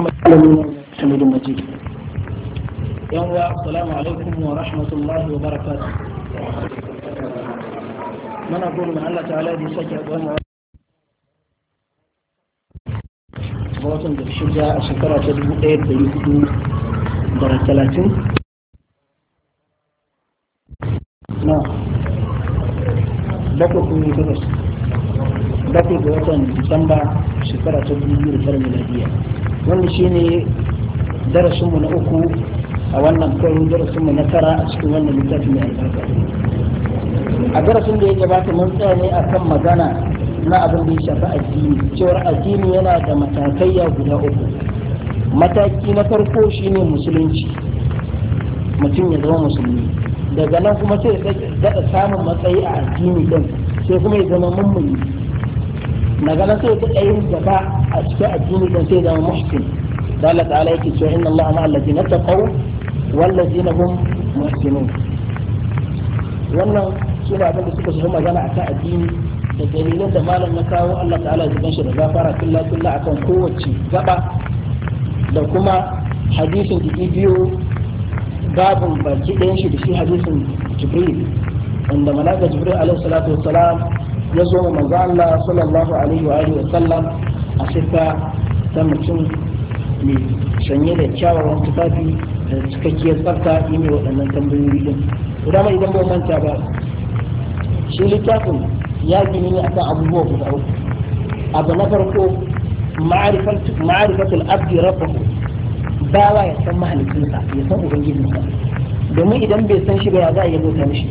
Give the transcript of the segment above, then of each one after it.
السلام عليكم ورحمة الله وبركاته من أقول من الله تعالى دي سجع وانا بوطن دي الشجاع الشكرة تدبو ايب دي يكدو درى الثلاثين نا بكو كمي كدس بكو بوطن ديسمبر الشكرة تدبو يكدو درى wanda ne darasinmu na uku a wannan karo darasinmu na tara a cikin wannan littafin mai albarka a darasin da ya gabata mun tsaya ne a kan magana na abin da ya shafi addini cewar addini yana da matakaiya guda uku mataki na farko shine musulunci mutum ya zama musulmi daga nan kuma sai ya daɗa samun matsayi a addini din sai kuma ya zama mummuni magana sai ta ɗayin gaba a cikin addini don sai zama muhsin da Allah ta'ala yake cewa inna Allah ma'a allazina taqaw wal ladzina hum muhsinun wannan shi ne abin da suka shi magana akan addini da dalilan da malam na kawo Allah ta'ala ya shi da gafara kullu kullu akan kowace gaba da kuma hadisin da biyo babin baki ɗayan shi da shi hadisin Jibril wanda malaka Jibril alaihi salatu salam. ya zo wa manzo Allah sallallahu alaihi wa alihi wa sallam a sifa ta mutum mai sanye da kyawawan tufafi da cikakkiyar tsafta yi ne waɗannan tambayoyi din to dama idan ba manta ba shi littafin ya gini ne akan abubuwa guda uku abu na farko ma'arifatul abdi rabbahu bawa ya san mahalicinsa ya san ubangijinsa domin idan bai san shi ba ya za a yi bauta mishi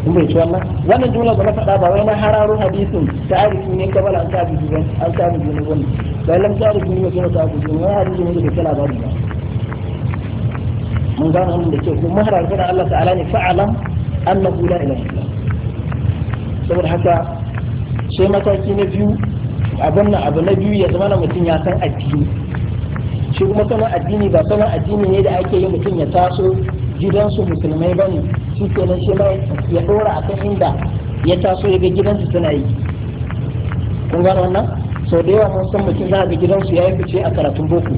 kun bai wannan wannan jumla da na faɗa ba wai na hararo hadisin tarihi ne kamar an ta biji ban an ta biji ne wannan bai lam ta'arifi ne kuma ta biji ne hadisi ne da kana bari ba mun gano mun da ke kuma maharar da Allah ta'ala ne fa'alam annahu la ilaha illa saboda haka sai mataki na biyu abin nan abu na biyu ya zama na mutum ya san addini shi kuma sanin addini ba sanin addini ne da ake yi mutum ya taso gidansu musulmai bane shi kenan shi ma ya dora akan inda ya taso ya ga gidansu suna yi kun gano wannan sau da yawa mun san mutum za ga gidansu ya yi fice a karatun boko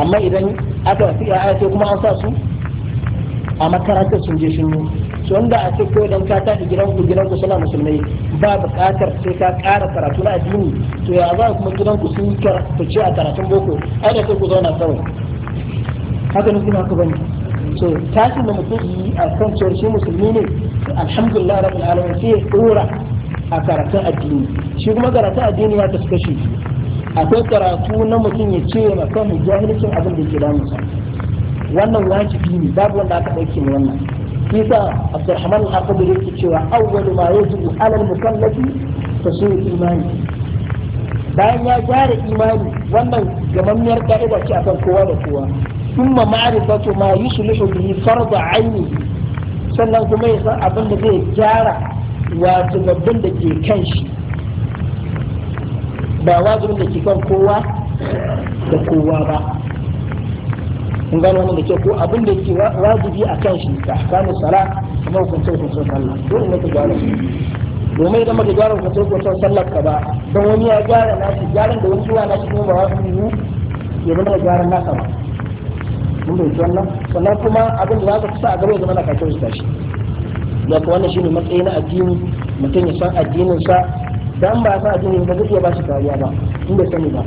amma idan aka fi ya ake kuma an sa su a makarantar sun je sun yi so inda a ce ko idan ka tashi gidanku gidanku suna musulmai ba buƙatar sai ka ƙara karatu na addini to ya za kuma gidanku sun fice a karatun boko ai da sai ku zauna kawai haka ne kuma haka bane so tashin da mutum yi a kan cewar shi musulmi ne alhamdulillah rabbil alamin sai ya tsora a karatun addini shi kuma karatun addini ya shi a akwai karatu na mutum ya ce ma kan jahilcin abin da ke damunsa wannan wajibi ne babu wanda aka dauke ne wannan kisa abdurrahman al-aqdari yake cewa awwalu ma yajibu ala al-mukallafi tasawuf imani bayan ya gyara imani wannan gamammiyar ka'ida ce akan kowa da kowa thumma ma'rifatu ma yuslihu bihi fardu aini sannan kuma ya san abin da zai gyara wato babban da ke kan shi ba wajibin da ke kan kowa da kowa ba gano wani da ke ko abin da ke wajibi a kan shi ka kanu sala kuma hukuncin hukuncin sallah dole ne ka gyara shi domin idan gyara hukuncin hukuncin sallah ka ba don wani ya gyara nashi gyaran da wani zuwa kuma ba ne ya zama gyaran nasa ba mun bai wannan sannan kuma abin da za ka sa a gaba ya zama na kakar su tashi ya ka wannan shine matsayi na addini mutum ya san addinin sa dan ba sa addini ba zai iya ba shi kariya ba in bai sani ba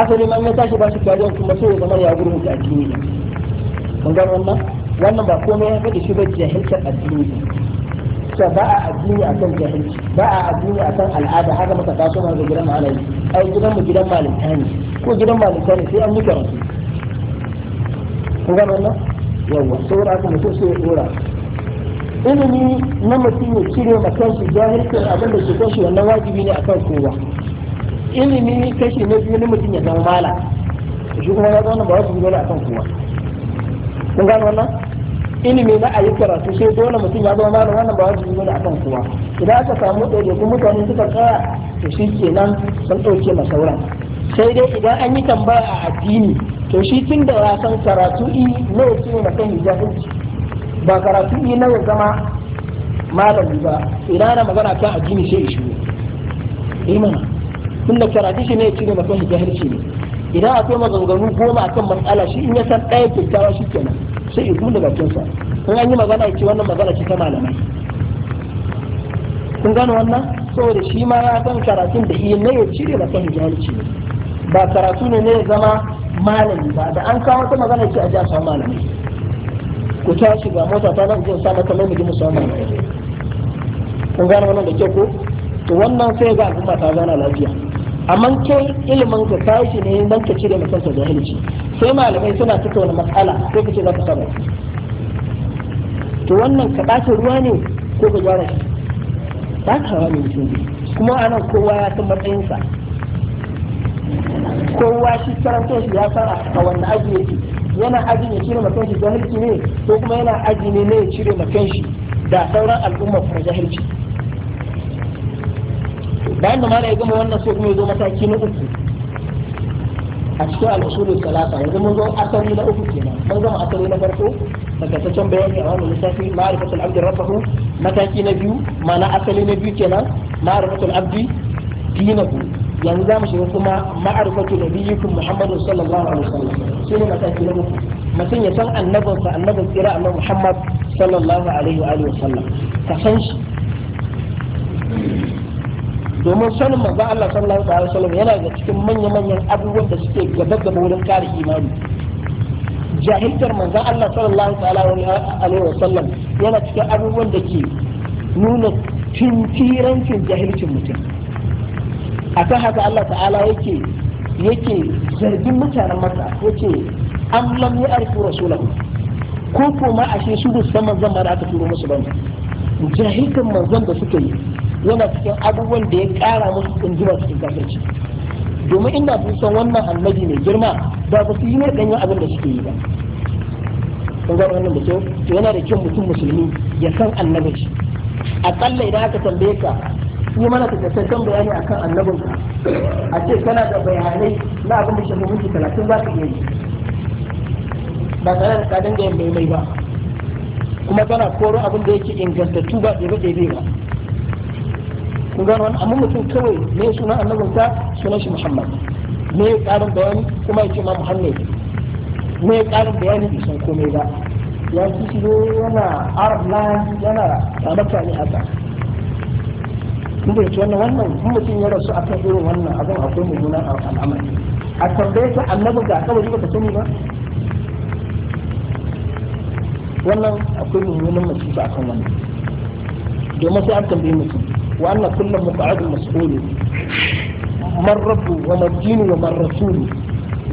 asali man ya tashi ba shi kariya kuma sai ya zama ya gurgunta addini ne mun gano wannan wannan ba komai ya faɗi shi ba jahilcin addini sa ba a addini akan jahilci ba a addini akan al'ada haka maka taso ma ga gidan malami ai gidan mu gidan malinta ne ko gidan malinta ne sai an yi karatu kun gano wannan yawa saboda haka mutum sai ya dora ilimi na mutum ya cire ma kansu jahilcin abin da ke kanshi wannan wajibi ne akan kowa ilimi kashi na biyu na mutum ya zama mala shi kuma ya zama ba wajibi ne akan kowa kun gano wannan ilimi na ayi karatu sai dole mutum ya zama mala wannan ba wajibi ne akan kowa idan aka samu ɗaiɗaikun mutane suka tsaya to shi kenan sun ɗauke ma sauran sai dai idan an yi tambaya a addini to shi tun da ya san karatu i wasu ce na kan hijabinci ba karatu i nawa zama malami ba idan ana magana kan addini sai ishu imana eh tun da karatu shi ne ya cire maka hijabinci ne idan akwai maganganu goma akan matsala shi in ya san ɗaya kyakkyawa shi kenan sai kuma da bakinsa in an yi magana ya ce wannan magana ce ta malamai kun gane wannan saboda shi ma ya san karatun da iya ne ya cire da kan jahilci ne ba karatu ne ne ya zama malami ba da an kawo ta magana ce a ji a samu malami ku tashi ga mota ta nan jin samu kamar mu ji mu samu malami kun gane wannan da ke ko to wannan sai ga al'umma ta zana lafiya amma kai ilimin ka tashi ne dan ka cire mutum ta jahilci sai malamai suna tattauna matsala sai ka ce za ka samu to wannan ka ɓata ruwa ne ko ka gyara shi ba ta hawa mai mutum kuma anan kowa ya san matsayinsa kowa shi karanto shi ya fara a wanda aji yake yana aji ne cire makan shi jahilci ne ko kuma yana aji ne ne ya cire makan shi da sauran al'umma fara jahilci bayan da mala ya gama wannan sai kuma ya zo mataki na uku a cikin al'usulul salasa yanzu mun zo asali na uku kenan mun zama asali na farko takaitaccen bayani a wannan lissafi ma'arifatul abdi rabbahu mataki na biyu ma'ana asali na biyu kenan ma'arifatul abdi dinahu yanzu za mu shiga kuma ma'arifatul nabiyyikum muhammadin sallallahu alaihi wasallam shine mataki na uku mutum ya san annabinsa annabin tsira annabi muhammad sallallahu alaihi wa alihi wasallam ka san shi domin sanin manzo Allah sallallahu alaihi wasallam yana da cikin manya-manyan abubuwan da suke gaba gaba wurin kare imani jahiltar manzon Allah sallallahu alaihi wa sallam yana cikin abubuwan da ke nuna tintirancin jahilcin mutum akan haka Allah ta'ala yake yake zargin mutanen masa yake an lam ya'rifu rasulahu ko kuma ashe su ba san manzon ba da aka turo musu bane jahiltar manzon da suka yi yana cikin abubuwan da ya kara musu tsundura cikin kafirci domin inda sun san wannan annabi mai girma ba ba su yi ne ɗanyen abin da suke yi ba kun gano wannan da kyau to yana da kyau mutum musulmi ya san annabin shi aƙalla idan aka tambaye ka yi mana takaitaccen bayani akan annabin ka a ce kana da bayanai na abin da mu minti talatin za ka iya yi ba tare da ka dinga yin mai ba kuma kana koro abin da yake ingantattu ba ɗebe ɗebe ba kun gano wani amma mutum kawai ne suna annabin sa sunan shi muhammad mai ya karin bayani kuma ya ce ma muhammad mai ya karin bayani bai san komai ba ya ci shi yana arab na yana tsamaka ne haka kun bai wannan wannan mutum ya rasu akan irin wannan abin akwai mummunan al'amari a tambaye ta annabi ga kawai ba ka sani ba wannan akwai mummunan masifa akan wannan domin sai an tambaye mutum وأن كل مقعد مسؤول من الرب وما الدين وما الرسول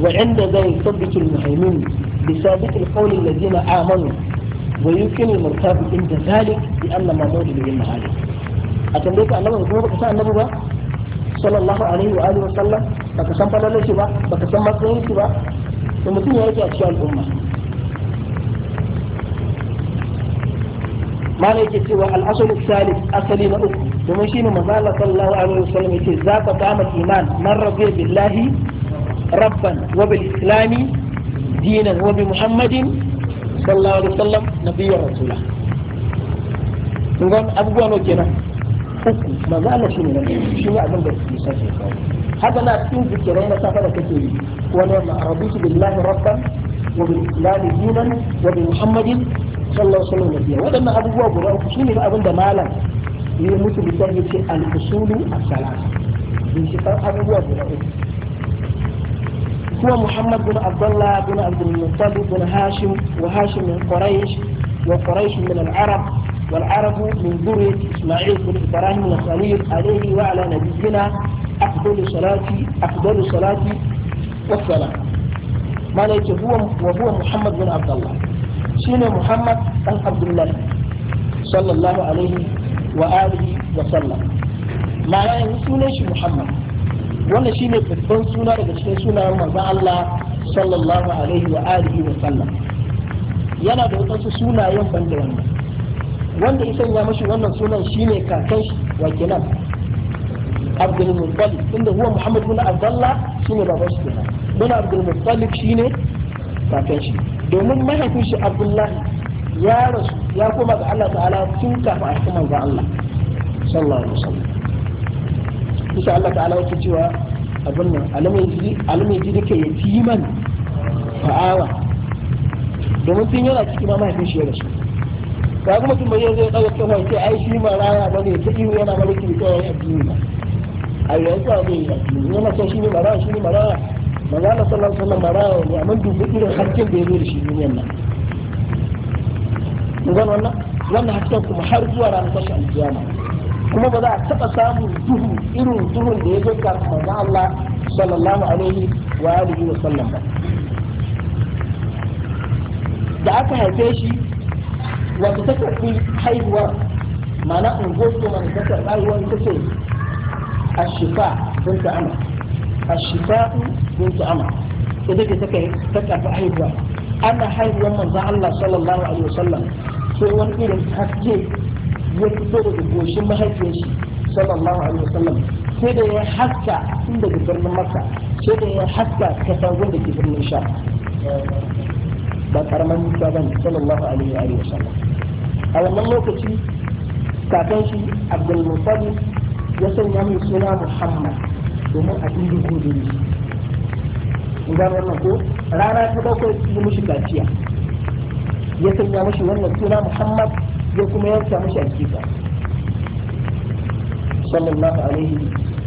وعند ذلك يثبت المهيمن بثابت القول الذين آمنوا ويمكن المرتاب عند ذلك بأن ما موجود به المعارف ذلك أن نبغى نقول بكسان نبغى صلى الله عليه وآله وسلم بكسان فلالة شبا بكسان مصرين ثم تنهي يأتي أشياء الأمة ما ليك سوى الأصل الثالث أصلي نأكل domin shine manzo Allah sallallahu alaihi wasallam yake zaka ta'ama iman man rabbi billahi rabban wa bil islami dinan wa bi muhammadin sallallahu alaihi wasallam nabiyyar rasula kun ga abubuwa no kenan uku manzo Allah shine nabi shi ne abin da yake sace haka na cikin zikirai na safa da kake yi wani ma rabbi billahi rabban wa bil islami dinan wa bi muhammadin sallallahu alaihi wasallam nabiyyar wadannan abubuwa guda uku shine abin da malam yi musu bitar da ce al-usulu as هو محمد بن عبد الله بن عبد المطلب بن هاشم وهاشم من قريش وقريش من العرب والعرب من ذرية إسماعيل بن إبراهيم الخليل عليه وعلى نبينا أفضل صلاة أفضل صلاة والسلام ما هو وهو محمد بن عبد الله سيدنا محمد بن عبد الله صلى الله عليه wa alihi wa sallam ma'ana yanzu shi muhammad wannan shine babban suna daga cikin sunayen manzon Allah sallallahu alaihi wa alihi wa sallam yana da wasu sunayen banda wannan wanda ya sanya mashi wannan sunan shine kakan wa kenan Abdul inda huwa Muhammad bin Abdullah shine baban shi kenan shine domin Abdullahi ya rasu ya kuma ga Allah ta'ala tun kafin a kuma ga Allah sallallahu alaihi wasallam insha Allah ta'ala yake cewa abin nan alamai ji ji dake timan fa'awa domin tun yana cikin ma mahaifin shi ya rasu ka kuma tun bayyana zai ɗaga kafa ya ce ai shi ma raya bane ta ihu yana malaki ko kawai addini ba ai yanzu a ne yi addini yana son shi ne maraya shi ne maraya manzo Allah sallallahu alaihi wasallam maraya ne amma dubu irin harkin da ya zo da shi duniyar nan zan wannan wannan hasken kuma har zuwa ranar tashi alkiyama kuma ba za a taɓa samun duhu irin duhun da ya zo kafin manzon Allah sallallahu alaihi wa alihi wa sallam ba da aka haife shi wata ta karɓi haihuwar ma'ana ungozo mana ta karɓi haihuwar ta ce ashifa bintu ama ashifa bintu ama ita ce ta karɓi haihuwa ana haihuwar manzon Allah sallallahu alaihi wa sallam sai wani irin haske ya fito daga goshin mahaifiyar shi sallallahu alaihi wasallam sai da ya haska tun daga birnin maka sai da ya haska kasangun da ke birnin sha ba karaman nisa ba ne sallallahu alaihi wa sallam a wannan lokaci kakan shi abdul musali ya sanya mai suna muhammad domin a ɗin gudu ne in gano wannan ko rana ta bakwai yi mishi gaciya ya sanya mashi wannan suna muhammad ya kuma yanka mashi alkisa sallallahu alaihi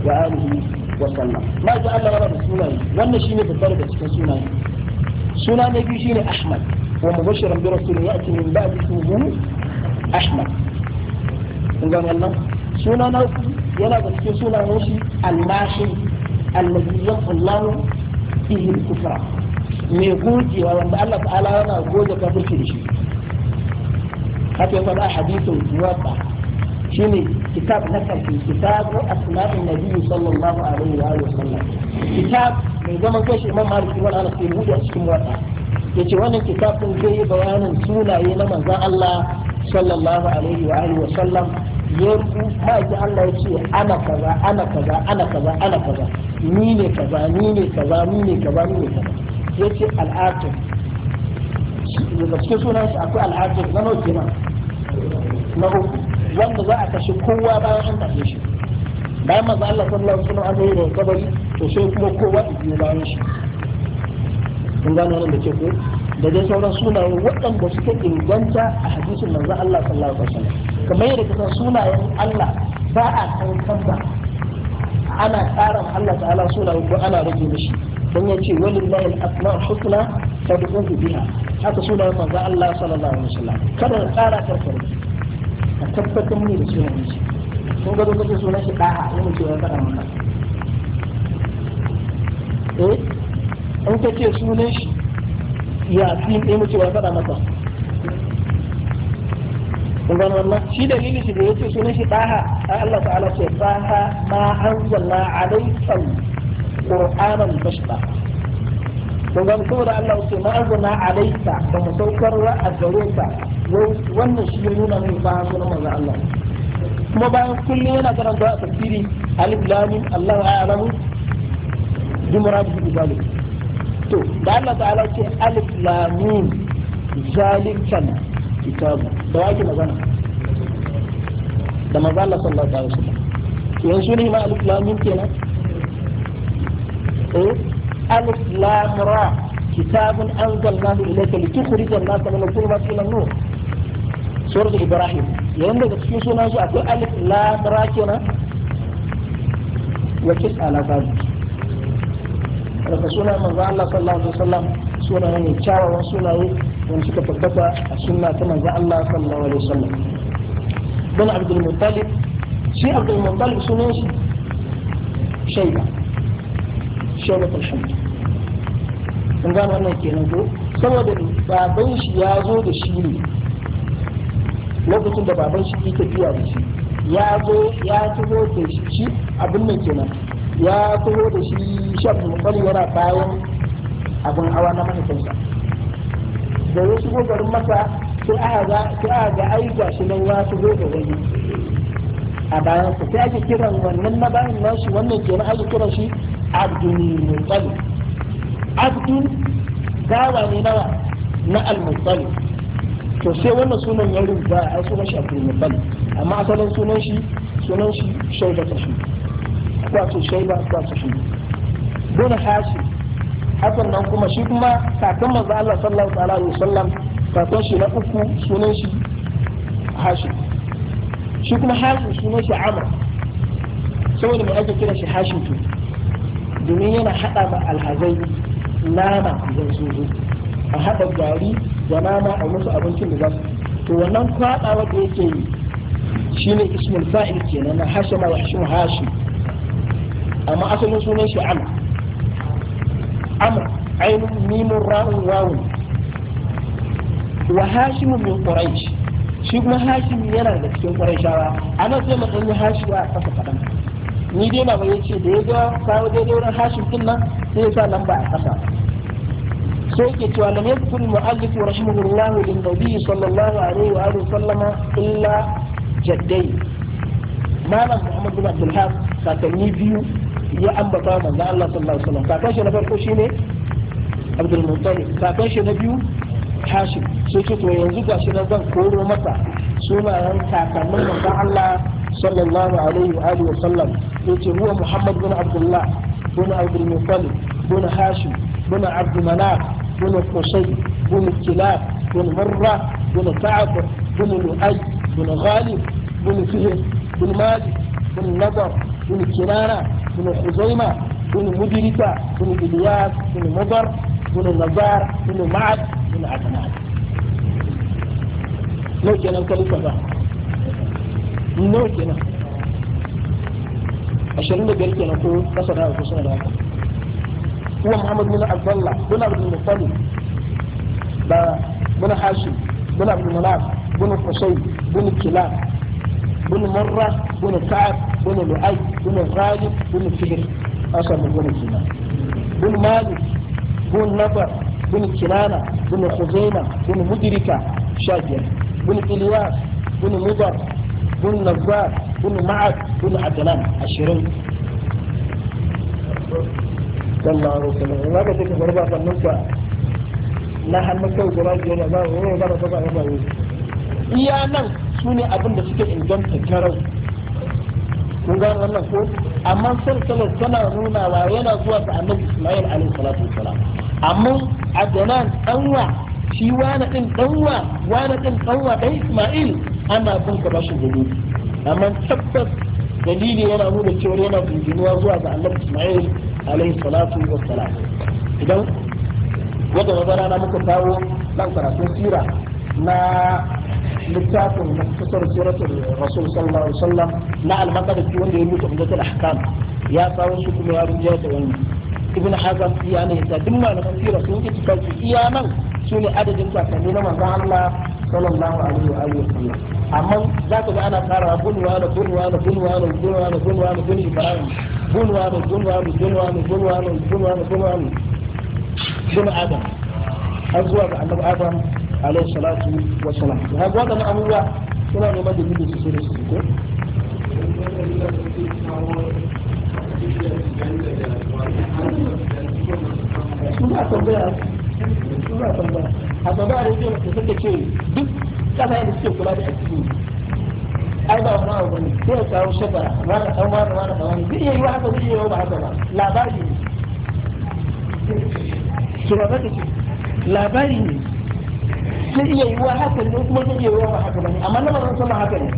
wa alihi wa sallam ma ji Allah wala da sunaye wannan shine babbar da cikin sunaye suna na biyu shine ahmad wa mubashiran bi rasul ya'ti min ba'di ismihi ahmad kun ga wannan suna na uku yana da cikin sunayen shi al-mashi alladhi yaqullahu fihi al-kufra mai gogewa wanda Allah ta'ala yana goge kafirci da shi haka yasa ba hadisin muwatta shine kitab na kafi kitabu asma'in nabiyyi sallallahu alaihi wa sallam wasallam kitab mai zaman kashi imam maliki wal anas ke buɗe a cikin wata yace wannan kitabun zai yi bayanin sunaye na manzon Allah sallallahu alaihi wa alihi wasallam ya ma'aikin Allah ya ce ana kaza ana kaza ana kaza ana kaza ni ne kaza ni ne kaza ni ne kaza ni ne kaza yace al'aqib daga cikin sunan shi akwai al'aqib na nauke ma na uku wanda za a kashe kowa bayan an tafi shi bayan manzo Allah sallallahu alaihi wasallam an yi da kabari to sai kuma kowa ya biyo bayan shi kun gano wannan ke ko da dai sauran sunayen waɗanda suka inganta a hadisin manzo Allah sallallahu alaihi wasallam kamar yadda kasan sunayen Allah ba a kankan ba ana tsara Allah ta'ala sunayen ko ana rage mishi dan ya ce walillahi al-asma'ul husna fad'uhu biha haka suna sunan manzo Allah sallallahu alaihi wasallam kada ka tsara karkare ka tabbatar ne da sunan shi kun ga lokacin sunan shi da'a yana ce ya fara maka eh an ka ce sunan shi ya fi ɗaya mace ya fara maka kun gano wannan shi da dalili shi da yace sunan shi da'a Allah ta'ala ce da'a ma anzalna alaikal qur'anan bashta to dan saboda Allah ce ma azna alaika da musaukarwa a gare ka wannan shi nuna mai ba sunan manzo Allah kuma bayan kullum yana karanta a tafsiri alif lam mim Allah a'lamu bi muradihi zalik to da manzo Allah sallallahu alaihi wasallam yanzu ne ma alif lam mim kenan ألف لام را كتاب أنزلناه إليك لتخرج الناس من الظلمات إلى النور سورة إبراهيم يوم ذلك في سنة ألف لام را كنا وكس على ذلك رسول الله صلى الله عليه وسلم سورة من يتشار ورسولة ونسك تبقى السنة كما الله صلى الله عليه وسلم بن عبد المطلب شيء عبد المطلب سنة شيئا shaunatul hamd kun gane wannan kenan ko saboda baban shi ya zo da shi ne lokacin da baban shi ke tafiya da shi ya zo ya taho da shi abin nan kenan ya zo da shi shafin mutsali yana bayan abin hawa na mahaifinsa da ya shigo garin masa sai aka ga ai ga shi nan ya shigo da wani a bayan sa sai ake kiran wannan na bayan nashi wannan kenan ake kiran shi abdun mutsalif abdun gawa ne nawa na al-mutsalif to sai wannan sunan ya rubuta a sunan shi abdul mutsalif amma asalin sunan shi sunan shi shaida ta shi wato shaida wato shi don hashi hakan nan kuma shi kuma kakan manzo Allah sallallahu alaihi wasallam kakan shi na uku sunan shi hashi shi kuma hashi sunan shi amr saboda mai ake kira shi hashi to domin yana haɗa ma alhazai nama idan sun a haɗa gari da nama a musu abincin da za su to wannan kwaɗawa da yake yi shi shine ismul fa'il kenan na hashama wa hashim hashim amma asalin sunan shi amr amr ainihin mimun ra'un wawun wa hashimun min quraish shi kuma hashim yana da cikin qurayshawa ana sai mu danyi hashiwa a kasa kadan ni dai na ya ce da ya ga kawo daidai wurin hashim din nan sai ya sa lamba a ƙasa sai ke cewa lam yadkur mu'allif rahimahullahu lin nabi sallallahu alaihi wa alihi sallama illa jaddai malam muhammad bin abdul haq kakanni biyu ya ambata manzo Allah sallallahu alaihi wasallam kakan shi na farko shine abdul muttalib kakan shi na biyu hashim sai ce to yanzu gashi na zan koro masa sunayen kakannin manzo Allah صلى الله عليه وآله وسلم يتي هو محمد بن عبد الله بن عبد المطلب بن هاشم بن عبد مناف بن قصي بن كلاب بن مرة بن كعب بن لؤي بن غالب بن فهد بن مالك بن نضر بن كنانة بن حزيمة بن مدركة بن إلياس بن مضر بن نزار بن معد بن عدنان لو كان الكلفة بقى. nawa kenan ashirin da biyar kenan ko kasa da ko suna da haka kuma muhammad bin abdullah bin abdul muttalib da bin hashim bin abdul malak bin qusay bin kilab bin marra bin ka'ab bin lu'ay bin ghalib bin fihr asa mun gona kenan bin malik bin nabar bin kinana bin khuzaima bin mudrika shakir bin ilyas bin mudar كنا كوا كنا معك كنا عدلان عشرين والله رب العالمين ما بدك تقربا فنوكا لا هم كوا كوا جينا ما هو ما بدك تقربا يا نعم سوني أبن دسك إن جم تجارو كنا رنا كوا أما سر كلا سنا رونا وين أقوى فعمل إسماعيل عليه الصلاة والسلام أما عدلان أوع شي وانا كن أوع وانا كن أوع بإسماعيل ana bin ka bashi dalili amma tabbas dalili yana nuna cewa yana bujinuwa zuwa ga Allah Ismail alaihi salatu wa salam idan wata nazara na muka kawo dan karatun sira na littafin muktasar siratul rasul sallallahu alaihi wasallam na al-maqdisi wanda ya rubuta umdatul ahkam ya kawo shi kuma ya rubuta da wani ibn hazm iya ne ta duk malaman sira sun yi tafi iya nan su ne adadin kakanni na manzon Allah sallallahu alaihi wa alihi wasallam amma za ka ga ana fara kun wa ana kun wa ana kun wa ana kun wa ana kun wa ana kun ibrahim kun wa ana kun wa ana kun wa ana kun wa ana kun wa ana kun wa ana kun adam har zuwa ga annabi adam alaihi salatu wa salam to haka wannan abubuwa suna neman da gudu su da su ko su ba tambaya a tambaya a rediyo da suka ce kafa da suke kula da addini ai ba wani abu bane sai ya kawo shekara rana kawo rana rana kawo zai iya yi wa haka zai iya yi ba haka ba labari ne su ba ka ce labari ne zai iya yi wa haka ne kuma zai iya yi wa ba haka ba ne amma na ba zan sama haka ne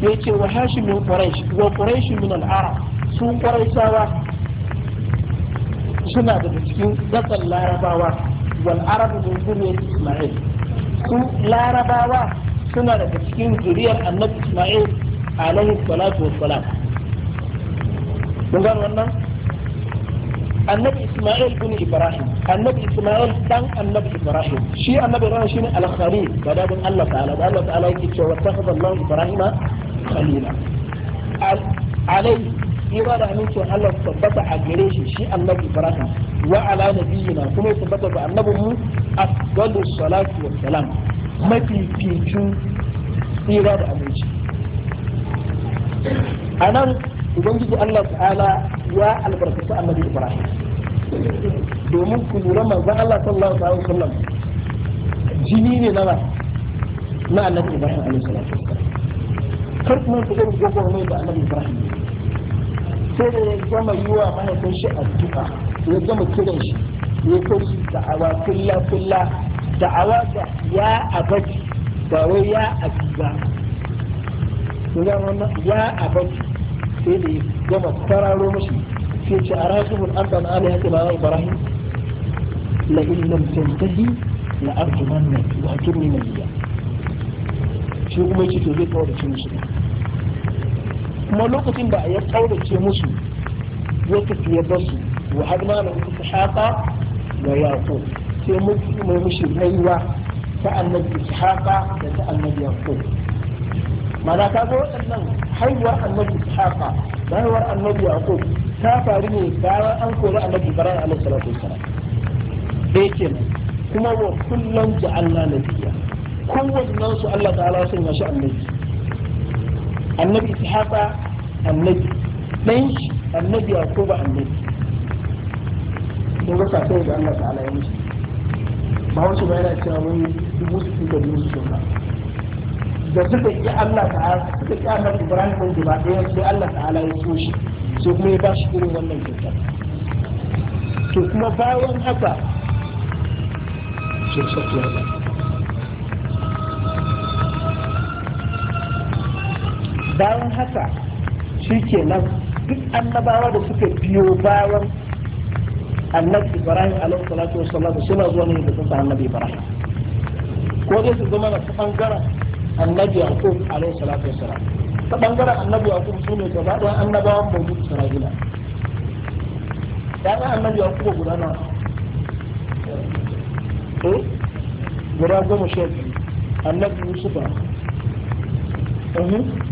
ya ce wa hashim min quraish wa quraish min al-arab su quraishawa suna daga cikin gasar larabawa wal arabu min zuriyar isma'il su larabawa suna daga cikin zuriyar annabi isma'il alaihi salatu wassalam kun wannan annabi isma'il bin ibrahim annabi isma'il dan annabi ibrahim shi annabi ibrahim shine al-khalil badabin Allah ta'ala Allah ta'ala yake cewa takhadallahu ibrahima khalila tsira da amincin Allah tabbata a gare shi shi annabi Ibrahim wa ala nabiyina kuma ya tabbata ga annabin mu afdalu salatu wa salam mafi fitu tsira da aminci anan ubangiji Allah ta'ala ya albarkaci annabi Ibrahim domin ku lura manzon Allah sallallahu alaihi wasallam jini ne na na annabi Ibrahim alaihi salatu kar kuma ku ga gogon mai da annabi Ibrahim sai da ya gama yi wa mahaifin shi addu'a ya gama kiran shi ya kai shi da'awa kulla kulla da'awa ya abaci ba wai ya abi ya abaci sai da ya gama kwararo mashi sai ce a rajibun an ɗan ala ya kama ibrahim la in lam tantahi la arjumanna wa shi kuma to zai kawo da cin shi kuma lokacin da ya kaurace musu ya tafi ya basu wa har ma lahu ishaqa wa yaqub sai mai mushi rayuwa ta annabi ishaqa da ta annabi yaqub mana ka ga waɗannan haihuwar annabi ishaqa da haihuwar annabi yaqub ta faru ne bayan an kori annabi ibrahim alaihi salatu wassalam dai kenan kuma wa kullum ja'alna nabiyya kowannen su Allah ta'ala sun yashi annabi annabi ishaqa annabi dan shi annabi yaquba annabi don ga sai da Allah ta'ala ya musu ba wasu ba yana cewa wani dubu su da dubu su ba da suka yi Allah ta'ala suka yi Allah Ibrahim din gaba ɗaya sai Allah ta'ala ya so shi sai kuma ya ba shi irin wannan kyauta to kuma bayan haka shirka ta bayan haka shi nan duk annabawa da suka biyo bayan annabi ibrahim alaihi salatu wassalam suna zuwa ne da sassa annabi ibrahim ko dai su zama na ta bangaren annabi yaqub alaihi salatu wassalam ta bangara annabi yaqub su ne gaba da annabawan bautu isra'ila ya ga annabi yaqub guda nawa eh guda goma sha biyu annabi yusufa mhm.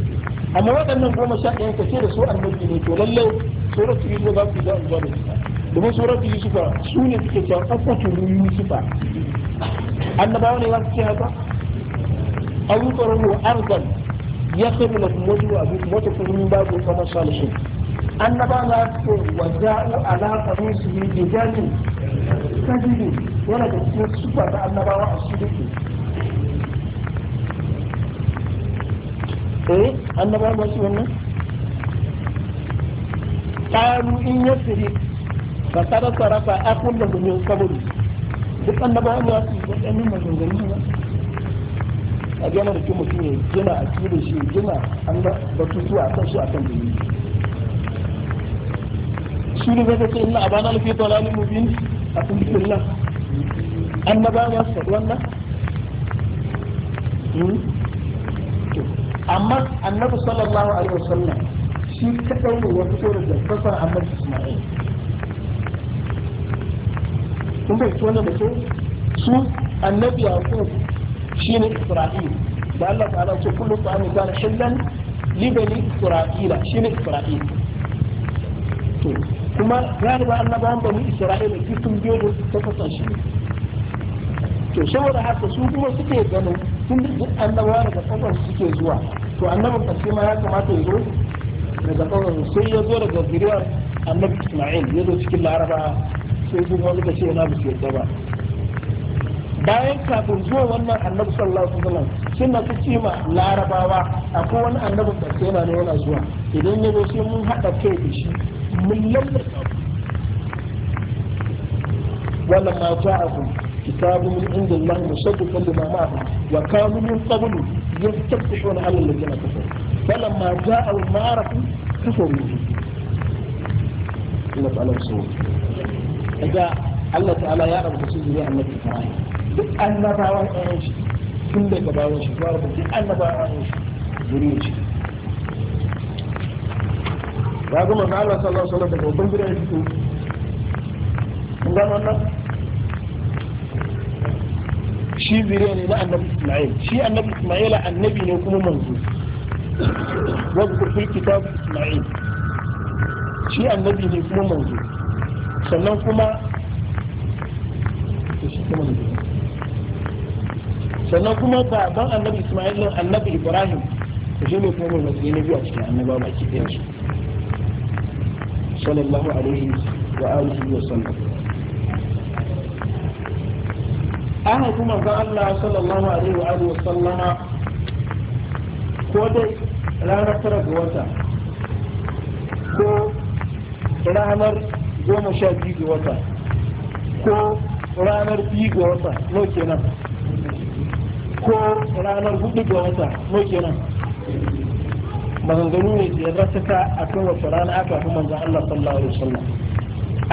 amma waɗannan goma sha ɗayan ka ce da su annabi ne to lallai suratu yusuf za su ga aljanna domin suratu yusuf su ne suke cewa qafatulu yusuf annabawa ne za su ce haka aw yuqrahu ardan yakhru lakum wajhu abukum wa takunu min ba'di kama salihin annabawa za su ce wa ja'u ala qamisihi bijalin sajidin yana da cikin sufa da annabawa a cikin eh annaba ba shi wannan qalu in yasri fa kada sarafa akun da mun kaburi duk annaba ba su wannan maganganu ba a gama da kuma shine gina a cikin shi gina an ba batutuwa kan su akan dini shi ne zai ce inna abana alfi dalalin mubin a kun billah annaba ba su wannan hmm? amma annabi sallallahu alaihi wasallam shi kadai ne ya fito da kasar annabi Isma'il kun bai so ne da ke su annabi shi ne Isra'il da Allah ta'ala ce kullu ta'ami kana hillan li bani Isra'ila shine Isra'il to kuma galiba annabawan bani Isra'ila su sun biyo da kasashe to saboda haka su kuma suke ganin tun da duk annabawa daga kasar suke zuwa to annabin ƙarshe ma ya kamata ya zo daga ƙaunar sai ya zo daga zuriyar annabi isma'il ya zo cikin laraba sai su wani ka ce na ba su yadda ba bayan kafin zuwa wannan annabi sallallahu alaihi wasallam suna ta ce ma larabawa akwai wani annabin ƙarshe yana ne yana zuwa idan ya zo sai mun haɗa kai da shi mun lallata wannan ma ja'akum kitabun min indillahi musaddiqan lima ma'akum wa kanu min qablu يستفتحون على الذين كفروا فلما جاءوا ما عرفوا كفروا منه الله تعالى وصول اجا الله تعالى يعرف بسيطة يا عمد الفرائي دك أنا باوان ايش كل ده باوان ايش فارب دك أنا باوان ايش بريش رغم ان الله صلى الله عليه وسلم بن بريش ان الله shi zuriya ne na annabi isma'il shi annabi isma'ila annabi ne kuma manzo wazkur fil kitab isma'il shi annabi ne kuma manzo sannan kuma sannan kuma baban annabi isma'il din annabi ibrahim shi ne kuma manzo ne biyu a cikin annaba baki ɗayan su sallallahu alaihi wa alihi wa sallam ana kuma manzon Allah sallallahu alaihi wa alihi sallama ko dai ranar tara ga wata ko ranar goma sha biyu ga wata ko ranar biyu ga wata no kenan ko ranar hudu ga wata no kenan maganganu ne da ya ta a kan wata rana aka fi manzon Allah sallallahu alaihi wa sallam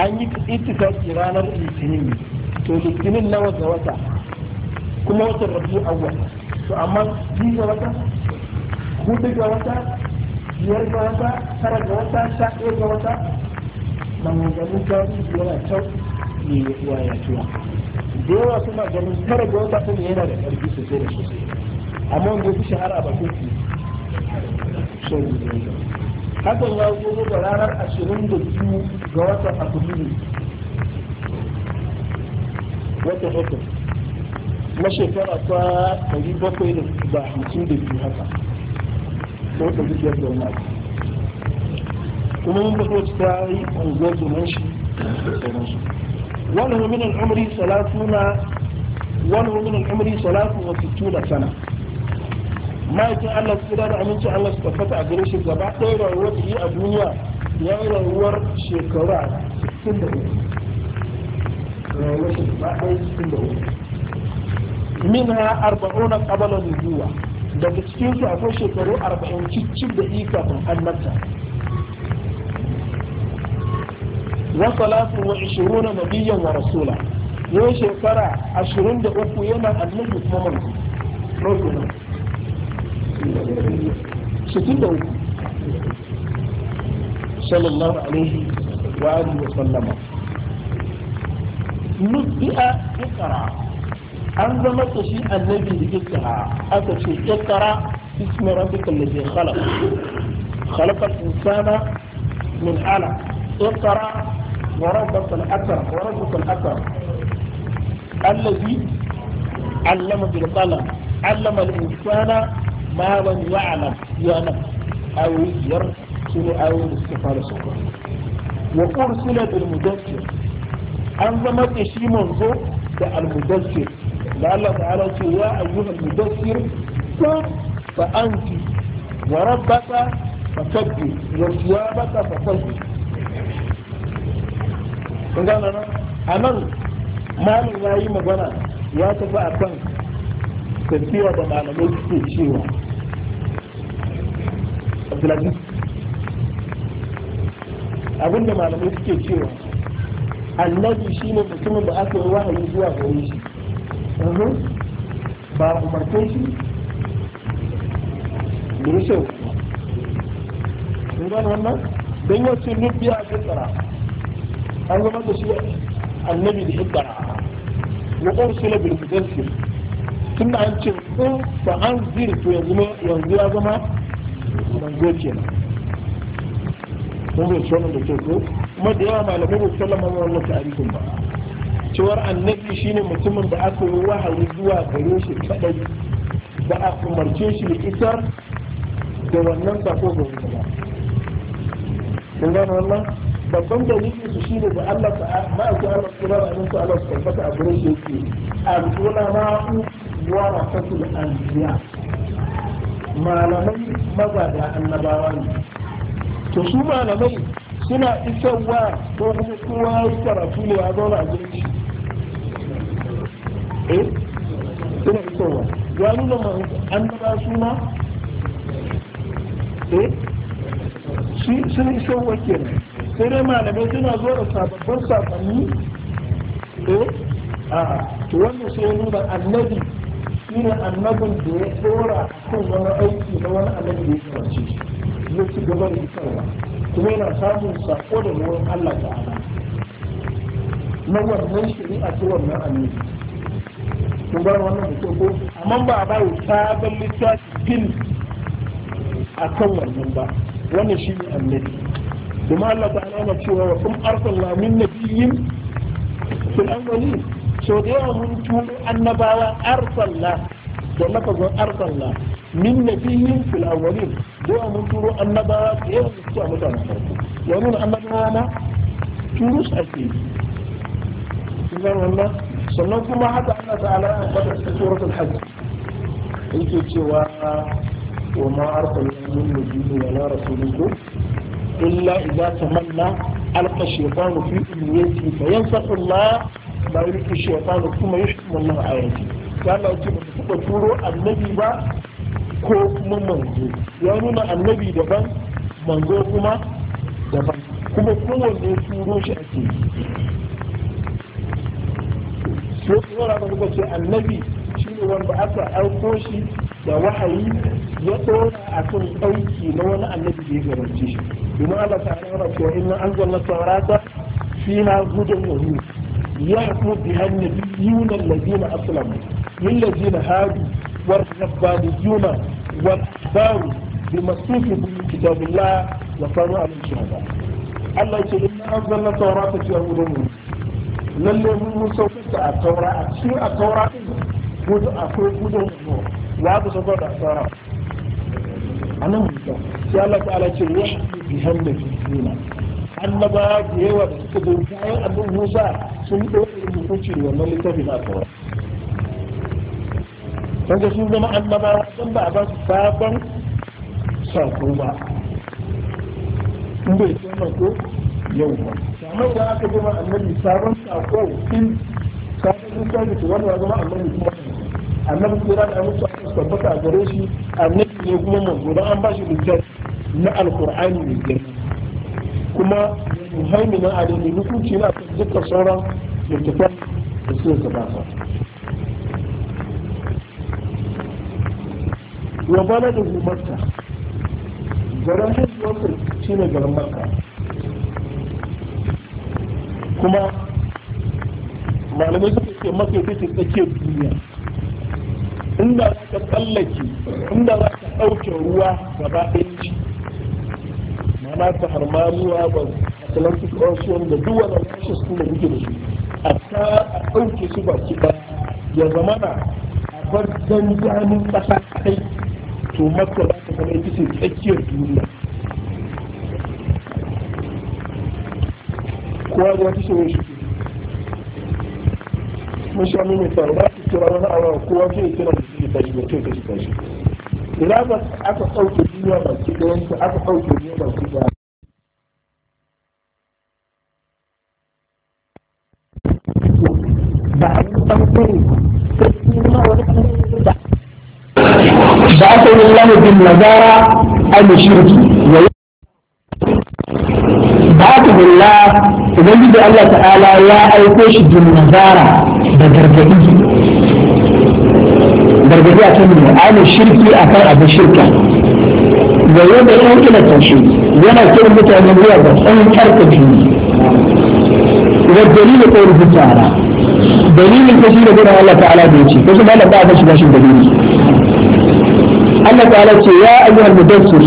an yi ittifaqi ranar litinin ne to litinin nawa ga wata kuma watan rabi awwal to amma biyu ga wata hudu ga wata biyar ga wata tara ga wata sha ɗaya ga wata maganganun tarihi yana kyau ne ya ya tuwa da yawa suna ganin tara ga wata kuma yana da ƙarfi sosai da sosai amma wanda fi shahara a bakin su sau da hakan ya zo da ranar ashirin da biyu ga watan afrilu wata hukum na shekara ta ɗari bakwai da hamsin da biyu haka ko ɗari biyar da wani kuma mun fito ta yi unguwar shi da sauransu wani homin salatu na wani al'amari salatu wa fito da sana ma'aikin allah su da aminci allah su tabbata a gare shi gaba ɗaya rayuwar da yi a duniya ya yi rayuwar shekara 63 منها أربعون qabala النبوة daga cikin su akwai shekaru arba'in cikin da ika ban an mata wa salatu wa ishiruna nabiyyan wa rasula yau shekara ashirin da uku yana annabi kuma manzo rokuna sittin da uku sallallahu alaihi wa alihi wa sallama nubbi'a iqra an zama ta shi annabi da iqra aka ce iqra ismi rabbikal ladhi khalaq khalaqal insana min alaq iqra wa rabbukal akram wa rabbukal akram alladhi allama bil qalam allama al insana ما لم يعلم يعلم أو يرسل أو الاستفارة سكر وأرسل بالمدثر an zama da shi manzo da almudassir da Allah ta'ala ce wa ayyuhal mudassir ko fa anti wa rabbaka fa kabbi wa thiyabaka fa kabbi kun gane nan anan malam yayi magana ya tafi akan tafiya da malamai suke cewa Abdulaziz abinda malamai suke cewa annabi shi ne mutumin da aka yi wahayi zuwa gare shi ba a umarce shi ne shi kun gano wannan don yau sun nufiya a shekara an zama da shi annabi da shekara wa ursula bil mudassir tun da an ce ko ba an zir to yanzu ya zama manzo kenan mun bai shi wannan da ke ko kuma da yawa malamai ba sallama ma wannan tarihin ba cewar annabi shine mutumin da aka yi wahayi zuwa gare shi kadai ba a umarce shi da isar da wannan sako ga wuta ba kun gano wannan babban dalili su shi da Allah ta ma'aiki Allah su rara amin su Allah su tabbata a gare shi yake al-ulama'u wa rasatul anbiya malamai maza da annabawa ne to su malamai suna isan wa ko kuma kowa ya karatu ne a zauna a jirgi eh suna isan wa ya nuna ma an daga suna ma eh suna wa ke sai dai malamai suna zo da sababbin sakonni eh a to wannan sai nuna annabi shine annabin da ya dora kan wani aiki na wani annabi da ya kawace shi zai ci gaba da isarwa kuma yana samun sako da wurin Allah ta'ala na wannan shari'a ta wannan annabi kun gano wannan da ko amma ba a bayo sabon littafi fil a kan wannan ba wannan shi ne annabi kuma Allah ta'ala na cewa wa kun arsalna min nabiyyin an wani sau da yawa mun tuno annabawa arsalna da lafazin arsalna من نبيين في الأولين دعوا من ان النبا يوم السلام تعالى يقولون أنبا أنا تروس أسير سبحان الله سلوكوا ما حتى أنا تعالى قد سورة الحج إنك سوى وما أرضى من نبيه ولا رسولكم إلا إذا تمنى ألقى الشيطان في أمنيته فينصح الله ما يلقي الشيطان ثم يحكم الله عليه قال لو تبقى تقولوا النبي ko kuma manzo ya nuna annabi daban manzo kuma daban kuma kowanne turo shi ake yi. sai kuma da kuma ce annabi shi ne wanda aka aiko shi da wahayi ya tsora a kan ɗauki na wani annabi da ya garanci shi domin Allah ta hana cewa inna anzalna tawrata fina hudan wa nur yahkum biha an-nabiyyuna alladhina aslamu lil ladina hadu والربانيون وابتدوا بمصروف كتاب الله وصاروا على الشهداء الله يقول إن أنزلنا توراة في أول الأمور للي من مصروف التوراة شو التوراة بود أقول بود أمور وعاد صدر أسارة أنا مصروف يا الله تعالى يقول وحكي بهم بكثيرنا أنا بعد يوم تدوجاء أبو موسى سيدوا المفروض يوم اللي تبي kaga su zama annabawa sun ba a ba su sabon sako ba in bai san sako yau ba amma idan aka zama annabi sabon sako in ka ga sun kaji to wanda zama annabi kuma annabi kura da mutu a tabbata a gare shi annabi ne kuma mako dan an ba shi littafi na alkur'ani mai girma kuma muhaiminan alimi hukunci na dukkan sauran littafan da suka gabata wa da makka garin haihuwarsa shi ne garin makka kuma malamai suka ce maka yake ce tsakiyar duniya inda za ka tsallake inda za ka ɗauke ruwa gaba ɗaya ci mana ta harma ruwa ba atlantic ocean da duk kusa su da duke da su a ta ɗauke su ki ba ya zama na a bar zanzanin ƙasa kai to makka za ta zama ita ce tsakiyar duniya kowa ga wata shirin shi mun sha mai tsaro ba su kira wani awa kowa ke kira da shi tashi ba kai tashi tashi ina ba aka ɗauke duniya ba su ɗayan aka ɗauke duniya ba ɗaya فأتوا الله بالنجارة أم الشرك بعثه الله وبيد الله تعالى يا أيكوش بالنجارة بدرجته بدرجته أتمنى أم الشرك أكار أبو الشركة ويوم يوم إلى التنشيط وأنا أكثر متى من الرياضة ان ترك الدين والدليل قوله تعالى دليل كثير بين الله تعالى بيتي كثير من الله تعالى بيتي Allah ta'ala ce ya ayyuhal mudassir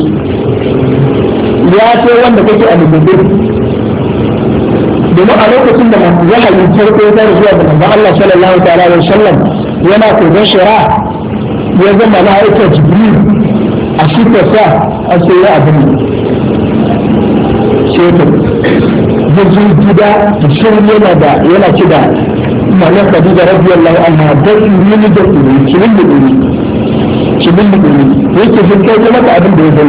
ya ce wanda kake a mudassir domin a lokacin da wahayin farko ya zuwa ga manzon Allah sallallahu ta'ala alaihi wasallam yana koyon shara ya zama la'aikar jibril a shi ta sa a sai ya abin shetar zai gida da shirin yana da yana ci da da khadija radiyallahu anha da ne da ne kimin da ne shi billi ne yake sun kai maka abin da ya zai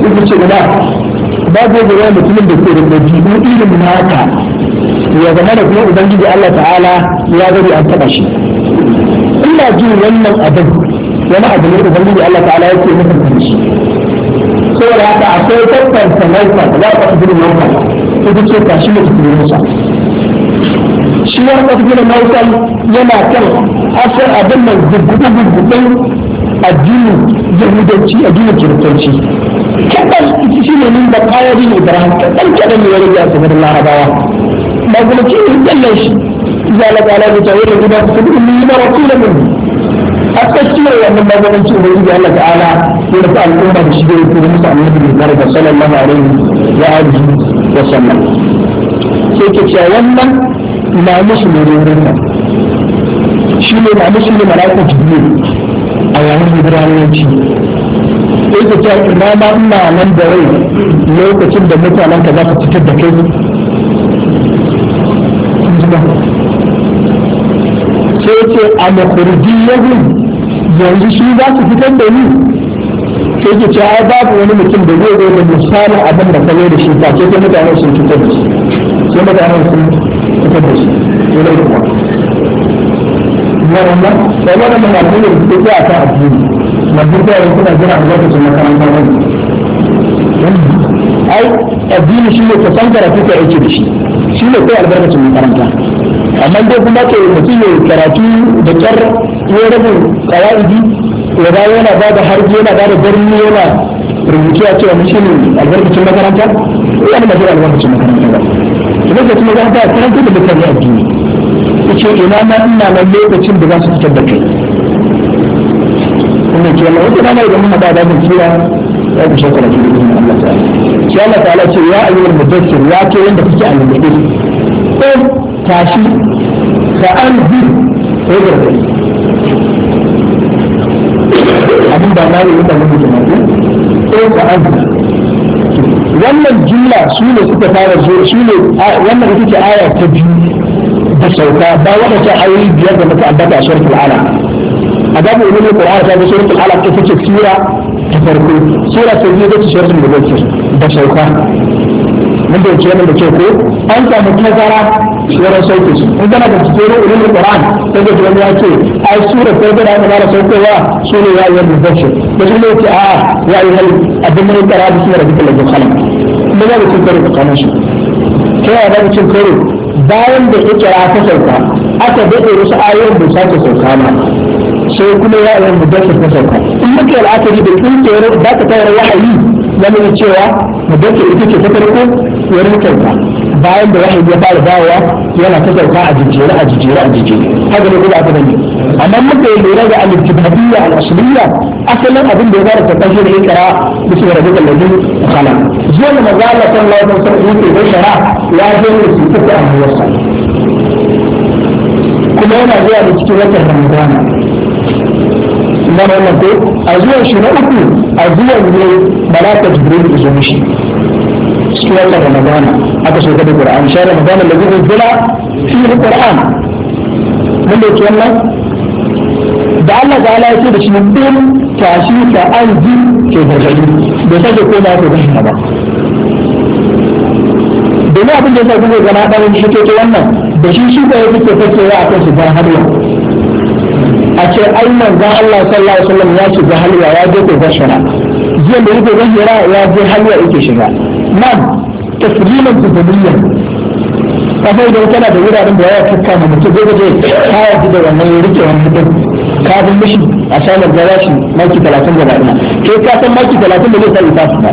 suka ce ina babu yadda wani mutumin da ke da dabi'u irin naka ya zama da kuma ubangiji Allah ta'ala ya gari an taba shi ina jin wannan abin wani abu ne ubangiji Allah ta'ala ya ke mutunta shi saboda haka akwai tattanta maifa za ka fi gudun maifa ita ce ka shi mutu kuma musa shi wani tattanta maifa yana kan asar abin nan gudugudugun addinin yahudanci addinin kiristanci kaɗan ita shi ne min da kaya bin ibrahim kaɗan kaɗan ne ya rage a da larabawa ba kuma ce shi ya laga ala da tare da su duk mun yi na rasulun mun a tsakiyar wannan magabanci da yi Allah ala ya rufe al'umma da shi da yake da musu annabi da daraja sallallahu alaihi wa alihi wa sallam sai ke cewa wannan na musu ne shi ne na musu ne mala'ikatu jibril a yayin hijiranci sai ka ce ina ma ina nan da rai lokacin da mutanen ka za ka fitar da kai sai ce a yanzu shi za su da ni sai ke ce ai babu wani mutum da zai zai da misalin abin da kare da shi sai sun fitar da shi sai sun fitar da shi sai kuma biyar wannan sai wannan masu ne da ke a kan addini kuna jira makaranta ne ai addini shi ne ka karatu ka aiki da shi shi ne kai albarkacin makaranta amma dai kuma ke mutum ya karatu da kyar ya rabin kawa'idi ya ba yana ba da harbi yana ba da birni yana rubutu a cewa ne albarkacin makaranta yana masu albarkacin makaranta ba. Idan ka kuma za ka karanta da mutane addini. yace ina ma ina nan lokacin da za su fitar da kai wannan ke Allah wata rana idan muna da babin kira ya ku shakara ki da Allah ta'ala sai Allah ta'ala ce ya ayyuhal mudaththir ya ke wanda kake annabi ko tashi ka anzir ko gargadi abin ba na yi mutane mutum ko ka anzir wannan jumla su ne suka fara zo su ne wannan ita ce aya ta biyu da sauka ba wanda ta ayoyi biyar da muka ambata a suratul alaq a babu ulumul qur'an ta suratul alaq ita ce sura ta farko sura ta biyu da suratul mudaththir da sauka mun da cewa da ke ko an samu tazara surar sauke su in kana da cikin ulumul qur'an sai da wani ya ce ai surar farko da aka fara saukowa sune ya yi mudaththir da shi ne ce a ya yi hal abin da ya fara da sura da kallon khalaq kuma da cikin da kanan shi kai ya da cikin karo bayan da ikira ta sauka aka daɗe wasu ayoyin bai sake sauka ba sai kuma ya yi mudassir ta sauka in muka yi la'akari da ƙirƙirar za ta tayar wahayi zama da cewa mudassir ita ce ta farko wurin sauka bayan da wahayi ya fara dawowa yana ta sauka a jijjere a jijjere a jijjere haka ne kuma aka gani. amma muka yi lura da al-ibtidaiya al-asliya asalin abin da ya fara ta tashi da ikra da su rabu da ladin khala zuwa da mazala sallallahu alaihi wasallam yake da shara ya je da su ta amwasa kuma yana zuwa da cikin watan ramadana na wannan ko a zuwan shi na uku a zuwan ne malaka jibril da zo mishi cikin watan ramadana aka shiga da qur'an shi ramadana da zai zula fi qur'an mun da wannan da Allah ta ala yake da shi bin tashi ta an ji ke gargadi da sake ko ba ko ba ba domin abin da ya sa kuka gana ɗan shi ke wannan da shi shi da ya kuke fakewa a kan shugaban halwa a ce ai ga Allah sallallahu alaihi wasallam ya shiga halwa ya je ko gashara jiya da yake gashara ya je halwa yake shiga nan tasliman tabaliyan kafai da tana da wuraren da ya kakka ma mutum zai gaje kaya ji da wannan ya rike wannan mutum ka mishi a sanar da rashi maki talatin da ɗaya ke kasan maki talatin da zai sa isa ba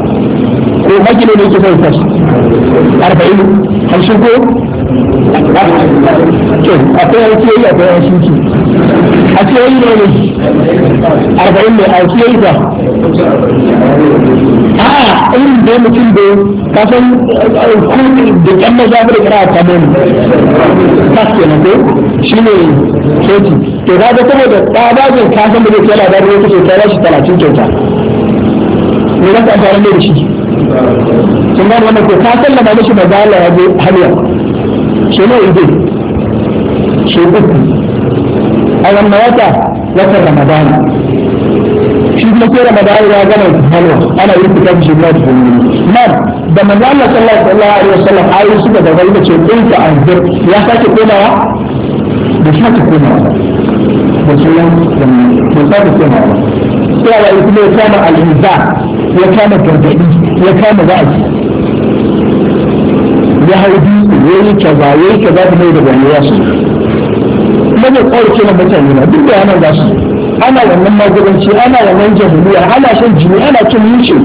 ko maki ne yake sa isa arba'in hamsin ko A kai akwai aiki a kai aiki ki a ce yayi ne arba'in ne a ce eh, eh, yayi ba a irin da mutum da kasan kuma da kyan maza da kira a kamar ne ta ke na ko shi ne 30 to ka ga da tsabajin ka san da zai kai labarin wata kyauta ba shi talatin kyauta me za ka amfani da shi sun gane wannan ko ka sallama mishi ba za Allah ya je hanyar shi ne ide shi uku a wannan wata watan ramadana shi kuma sai ramadana ya gama halwa ana yin fitar shi na duniya nan da manzo Allah sallallahu alaihi wasallam ayi suka da wanda ce in ka anzir ya sake komawa da sake komawa da sunan musa da sunan sai Allah ya kuma ya kama al'iza ya kama gargadi ya kama wa'azi ya kaza ya kaza da mai da gani ya su kuma mutane na duk da yana za su ana wannan magudanci ana wannan jahiliya ana shan jini ana cin mushi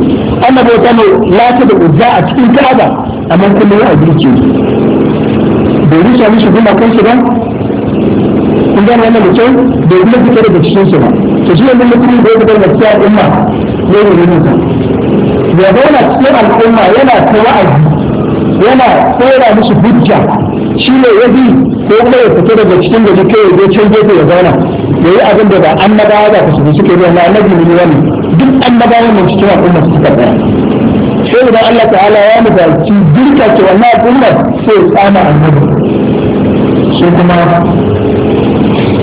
ana bauta mai lata da uzza a cikin kaza amma kullum a girki bai rike mishi gumakansu ba In gane wannan da kyau da kuma fita daga cikin su ba to shi yanzu mutum da ya fitar da cikin umma ne ne ne mutum ya zauna cikin al'umma yana ta wa'azi yana tsora musu hujja shi ne ya bi ko kuma ya fita daga cikin gari kai ya je can gefe ya zauna ya yi abin da ba annabawa ba su suke yi na annabi ne wani duk annabawan nan cikin al'umma su suka tsaya sai idan Allah ta'ala ya nufarci girka ce wannan al'ummar sai ya tsama annabi sai kuma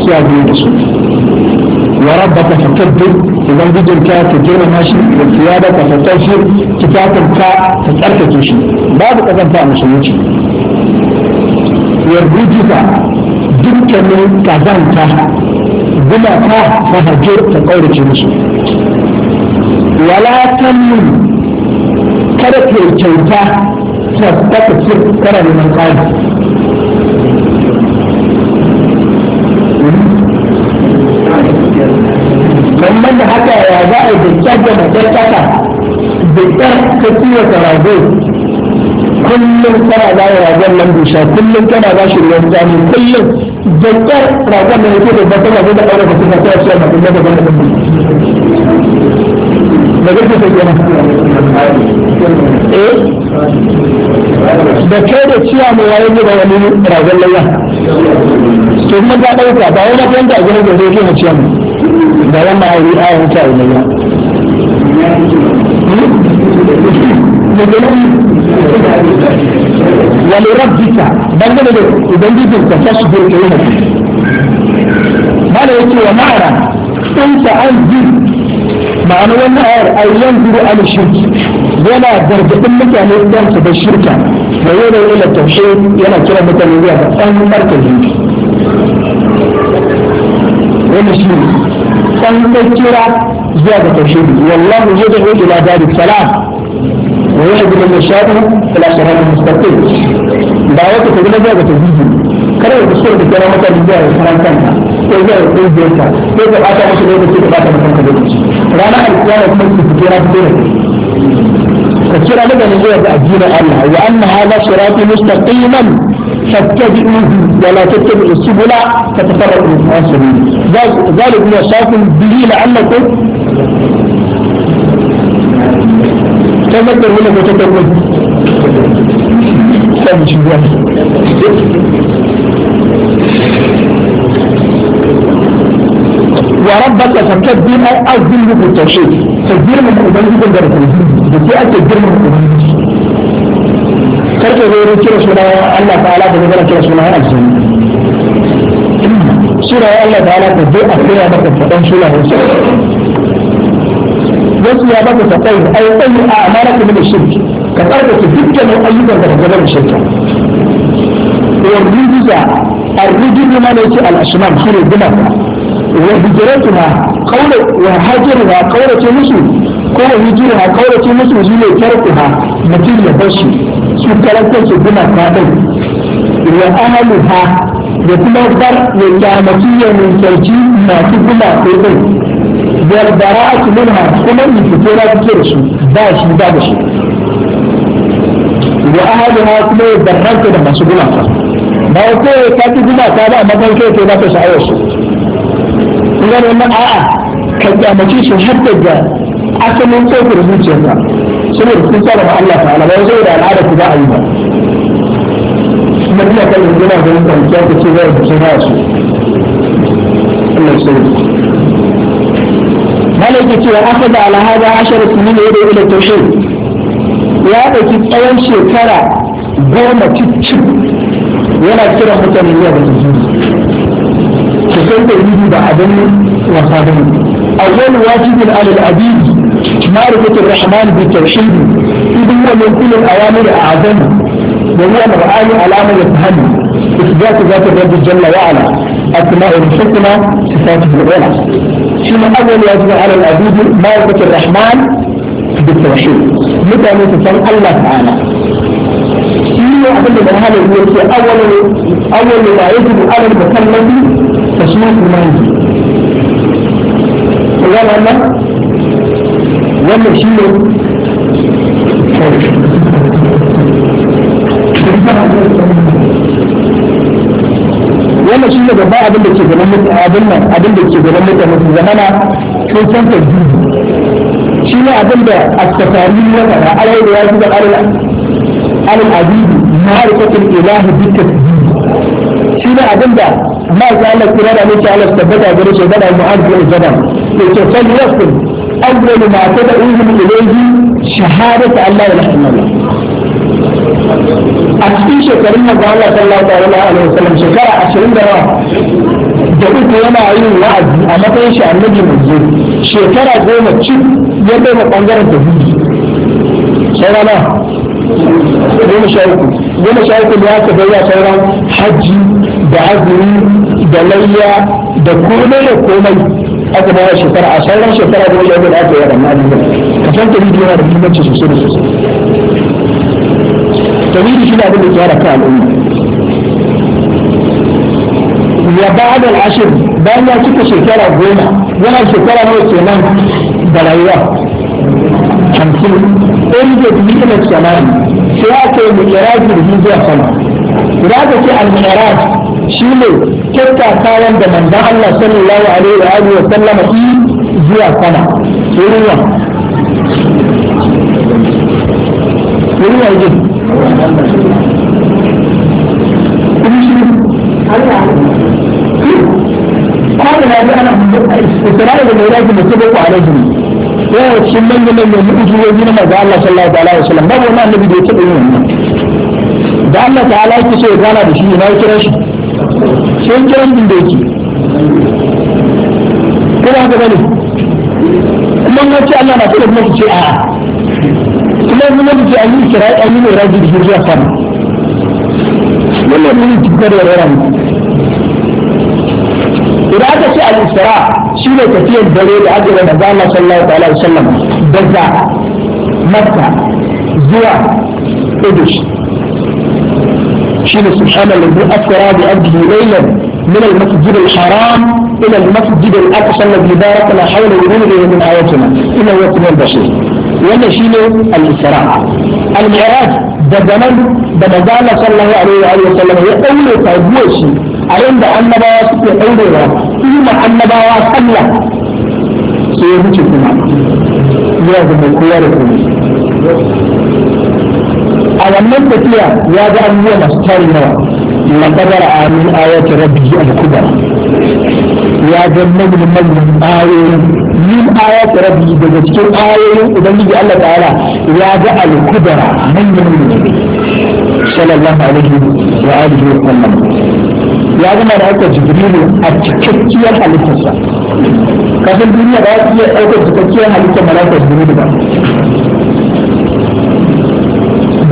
sha biyu da su wa rabbaka fakabbir idan bijinka ka girmama shi da siyada ka fasashi kitabun ka ta tsarkake shi babu kazanta a musulunci yarbujuka dukkanin kazanta gumaka ta hajjo ta kaurace musu wala tallin kada ke kyauta ta tafi in da haka ya za a yi da da matar kasa da kyar ta kiwata rago kullum tana za a ragon nan dusha kullum tana ba shi ruwan jami kullum da kyar ragon nan yake da bakar rago da ɗaura da kuma ta yace na kuma da bakar rago da kake sai kenan eh? da kai da ciya mai waye ne da wani ragon layya to kuma ta ɗauka ba wani kan da gina gobe yake na ciya mai da wannan aure a yawon ta ilai ya wani rabbika dangane da ubangijin ka ta shigo ke yana ce bala ya ce wa ma'ana in ta an ji ma'ana wannan ayar ayyan guru an shirki yana gargaɗin mutane don su da shirka da yau da ila taushe yana kira mutane zuwa ga tsanin markazi wannan shi ne san kira zuwa ga tauhidi wallahu yad'u ila dari salam wa yahdi man yasha'u ila siratin mustaqim ba wata ta gina zuwa ga tauhidi kada ka kuskure da kira mata zuwa ga sanan kanka ko zuwa ga tauhidinka ko ka bata musu lokaci ka bata musu kanka lokaci ranar alkiyama kuma ki kira ku ka kira mutane zuwa ga addinin Allah wa anna hadha siratun mustaqiman فاتبعوه ولا تتبعوا السبل فتفرقوا بكم عن سبيله ذلك وصاكم به لعلكم تذكروا لك وتتقون وربك فكبر أو ذنب التوحيد تكبير من أبنك بالتوحيد بسيئة تكبير من أبنك karke zai yi kira suna Allah ta'ala da zai kira suna yana su suna Allah ta'ala ta zai a kira maka faɗan suna wasu wasu ya maka ta tsayi a yi tsayi a amara ka da shirki ka tsarkake dukkanin ayyukan da ka zama shirka والرجز الرجل ما ليس الأشمام خير الدماء وهجرتها قول وهاجرها قولة مسلم ko da hijira a kawace musu shi ne tarku ha mutum ya bar shi su karantar su gina kaɗai ya amalu ha da kuma bar ya kyamaci ya ninkarci masu gina kaɗai barbara a cikin ha kuma yi fito na fito da su ba shi ba da shi ya amalu ha kuma ya barranta da masu gina ka ba ya koya ta fi gina ka ba amma kan kai ke ba ta sha'awar su. Kuma da a'a ka kyamaci shi har da asalin tsofar zuciyarka saboda sun saba ma Allah ta'ala ba zai da al'ada ku ba a yi ba kuma ina kan yanzu na ganin kwanciyar ta ce zai kusa ba su Allah sauri malaka cewa aka da ashirin ashara sunin da yadda ila tauhid ya ɗauki tsawon shekara goma cicin yana kira mutane zuwa da tauhid Ka san da tauhidi ba abin wasa ba ne A awwal wajibin alal abidi معرفة الرحمن بالتوحيد إذ هو من كل الأوامر أعظم وهو مرآن علامة يفهم إثبات ذات الرب جل وعلا أسماء الحسنى صفاته العلى شنو أول يجب على العبيد معرفة الرحمن بالتوحيد متى نتصل الله تعالى في أقول من هذا أول أول ما يجب على المكلف تشميت المنزل ولا wannan shi ne wannan shi ne babba abin da ke gaban mutane abin nan abin da ke gaban mutane su zamana sun san ta shi ne abin da asfafani ya faɗa alai da ya zuba alal abidu ma'aikatul ilahi bi tasbih shi ne abin da ma za Allah kira da muke Allah tabbata gare shi da mu'azzin jabal to ce sai yasin أول ما تدعوهم إليه شهادة الله لا إله إلا الله أكيد شكرنا قال صلى الله عليه وسلم شكرا عشرين دراهم دقيق يوم عيون وعد أما تنشى النبي مزيد شكرا قوم الشيك يبدأ مقنجرة تهيج صلى الله قوم شايفه قوم شايفه اللي هاته بيها صلى حجي دعزني دليا دكومي دكومي aka bawa shekara a sauran shekara da wajen yadda aka yi waɗannan abubuwan ka san tauhidi yana da muhimmanci sosai da sosai tauhidi shi ne abin da ke hada kan al'umma ya ba da al'ashir bayan ya cika shekara goma yana shekara nawa kenan da rayuwa hamsin ɗari da biyu kuma samari sai aka yi mu kira jirgin zuwa sama. Za ka ce al-mi'raj shi ne kyakkyatawan da manzan Allah sallallahu alaihi wa alihi wa sallama yi zuwa sama wurin wa wurin wa yake قال هذا انا استمرار الميراث متفق عليه yana cikin manyan manyan mu'ujizoji na manzo Allah sallallahu alaihi wasallam babu wani annabi da ya taɓa yin wannan da Allah ta'ala yake so ya gana da shi na kira shi shi an kira mutum da yake ko ba ka bane kuma na ce Allah na kira kuma ku ce a kuma kuma ku ce an yi kira an yi mai raji da shi zuwa sama wannan ne tukar da rara idan aka ce al-isra shi ne tafiyar dare da aka yi da Allah sallallahu alaihi wasallam daga Makka zuwa Idris شيل سبحان الذي أسرى بأبده ليلا من المسجد الحرام إلى المسجد الأقصى الذي باركنا حوله لنريه من آياتنا إنه هو البشر ولا شيل الإسراء المعراج دبنا قال صلى الله عليه وسلم يقول تابوشي أين yadda annabawa suke ɗaurewa ima annabawa sallah sai ya wuce kuma ya zama kowa da a wannan tafiya ya ga abubuwa masu tarin yawa لقد رأى من آيات ربه الكبرى يا جمال من آية من آيات ربه بذلك آية وبنجي الله تعالى يا جعل الكبرى من من صلى الله عليه وآله وسلم يا جمال أوكا جبريل التكتية حالتها كافر الدنيا بقى هي أوكا التكتية حالتها ملاك جبريل بقى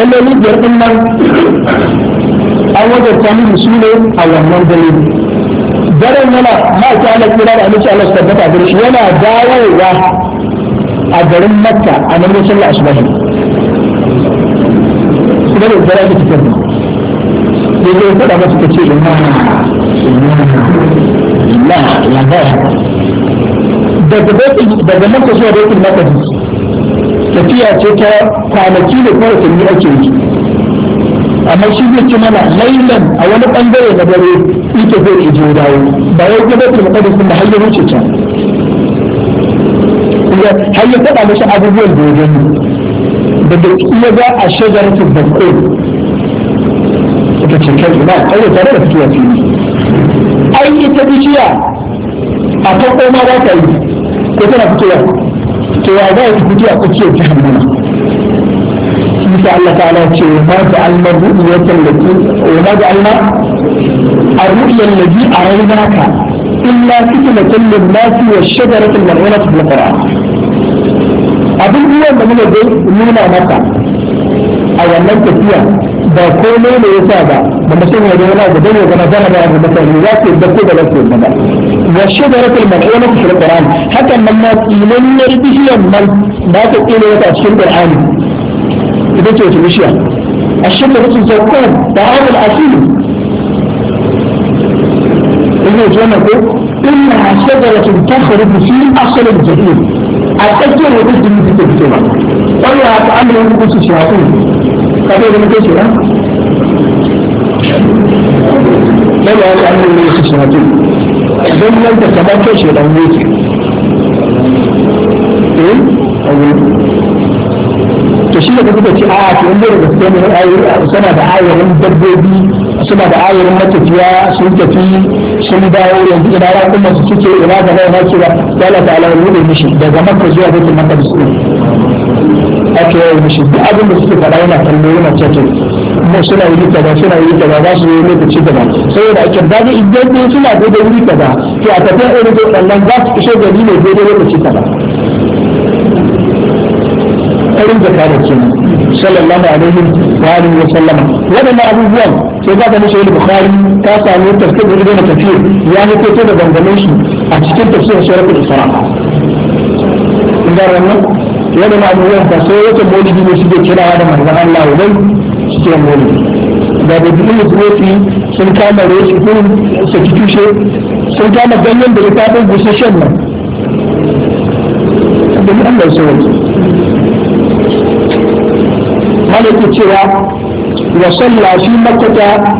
salloli biyar din nan an wajen samun su ne a wannan dare daren yana ma'aiki ala kira da amince ala su tabbata gari shi yana dawowa a garin makka a nan ne sallar asubahi kuma da dare da fitar da ya zai faɗa masu ta ce ina ina ina daga daga makka zuwa dakin makka tafiya ce ta kwanaki da kuma watanni ake yi amma shi zai ci mana lailan a wani bangare na dare ita zai ije dawo ba ya gaba da makadin kuma har ya wuce can har ya faɗa mashi abubuwan da ya gani da da iya za a shagar su bakko ita ce kai ba kai tare da fitowa fili ai ita bishiya a farko ma za ta yi ko tana fitowa to ya za ta fitowa ko ce ta hannuna yasa Allah ta'ala ce ma da Allah ru'yatan lati wa ma da Allah ar-ru'yan lati araynaka illa fitnatan lin-nasi wa shajaratan mal'unatan fil Qur'an abin ruwan da muka dai nuna maka a wannan tafiya ba komai ne yasa ba da mutum ya zama da dole kana zama da mutane za su da ko ba za ba wa shajaratul mal'unatu fil Qur'an hakan nan ma ilayyar bishiyan nan ba ta tsine wata cikin Qur'ani ita ce wata bishiya a shirka da su zakon da hannun asiri ina ji wannan ko ina shagaratun ta haribu fi asalin jahil a tsakiyar wata jini take fitowa wani ya ta amma yanzu kusa shi haƙi ka zai zama kai shira na da wani amma yanzu kusa shi haƙi don yadda kamar kai shira ne ke eh to shi da kuka ce a to inda da gaske ne suna da ayarin dabbobi suna da ayarin matafiya sun tafi sun dawo yanzu ina ra kuma su cike ina da rai na cewa ya Allah ta'ala ya rubuta mishi daga makka zuwa baitul maqdis ne ake yi mishi duk abin da suke faɗa yana kallo yana ceto mu suna yi kaza suna yi kaza za su yi ci kaza saboda ake da idan suna da wuri kaza to a tafiya irin wannan za su ishe gari ne daidai lokaci kaza matsayin zakka da ke sallallahu alaihi wa alihi wa sallama wadannan abubuwan sai za ka mishi yi bukhari ta samu tafsir da ibn kafir ya hukunta da gangamin shi a cikin tafsirin suratul isra in ga wannan wadannan abubuwan ba sai wata maulidi ne suke kirawa da manzon Allah wai suke maulidi da da dukkan zuwoti sun kama roshi kun saki tushe sun kama ganyen da littafin gusasshen nan da Allah ya sauke malaki cewa wa salla fi makkata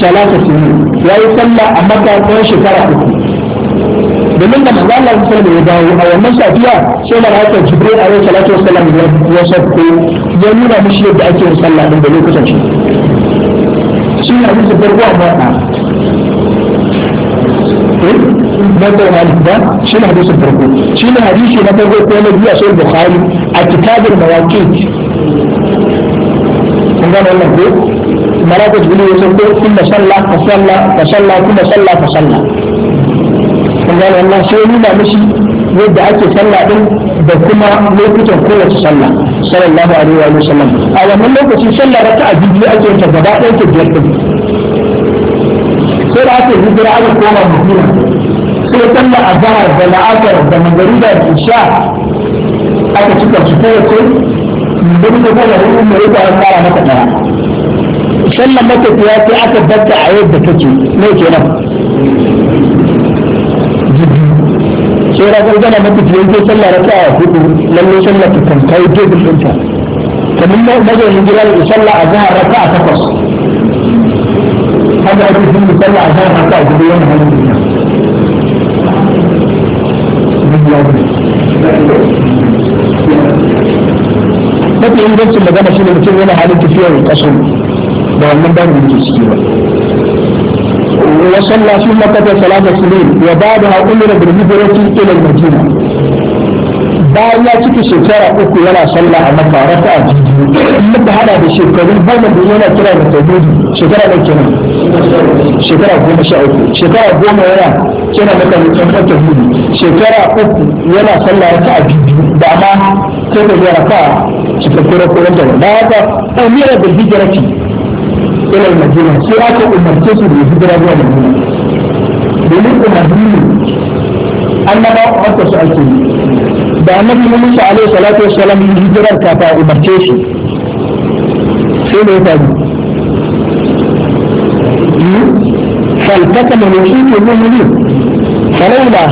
salata sinin yayi salla a maka tsawon shekara uku domin da manzo Allah sai da ya dawo a wannan safiya sai malaikar Jibril alaihi salatu wassalam ya sauko ya nuna mishi yadda ake yin sallah din da lokacin shi shi ne abin da farko a bada مدر مالك ده شنو shi na شنو حديث نمبر 2 في صحيح a كتاب المواقيت kun gane wannan ko malaka jibril ya sauko kuma sallah ka sallah ka sallah, kuma sallah ka sallah. kun gane wannan sai nuna mishi yadda ake sallah din da kuma lokutan kowace sallah sallallahu alaihi wa sallam a wannan lokacin sallah raka'a biyu ake ta gaba ɗaya ta biyar din sai da ake hijira aka koma madina sai sallah azhar da la'asar da magariba da isha aka cika su kowace don ta zama hukun da yake an fara maka daya sallan matafiya sai aka dabta a yadda kake ne kenan sai ra gargana matafiya ke sallah raka a hudu lalle sallah ta kan kai dubin ɗinta kamar mazaunin gida da sallah a zahar raka a takwas haka ake sun sallah a zahar raka a hudu yana hannun duniya mafi ingancin magana shi ne mutum yana halin tafiyar kaso da wannan babu da ke ciki ba وصلى في مكة ثلاثة سنين وبعدها أمر بالهجرة إلى المدينة bayan ya cika shekara uku yana sallah a maka raka a jiki da hada da shekaru bana da yana kira da tabidi shekara da kenan shekara goma sha uku shekara goma yana kira da tabidi tabidi shekara uku yana sallah raka a jiki da ma sai da raka cikakkiyar koyar da da haka amira da hijirati ila madina sai aka umarce su da hijira zuwa madina domin umarni annaba haka su ake yi da annabi Musa alaihi salatu wassalam hijirar ka ta umarce shi sai da ya faru فالتقم الوحيد المؤمنين فلولا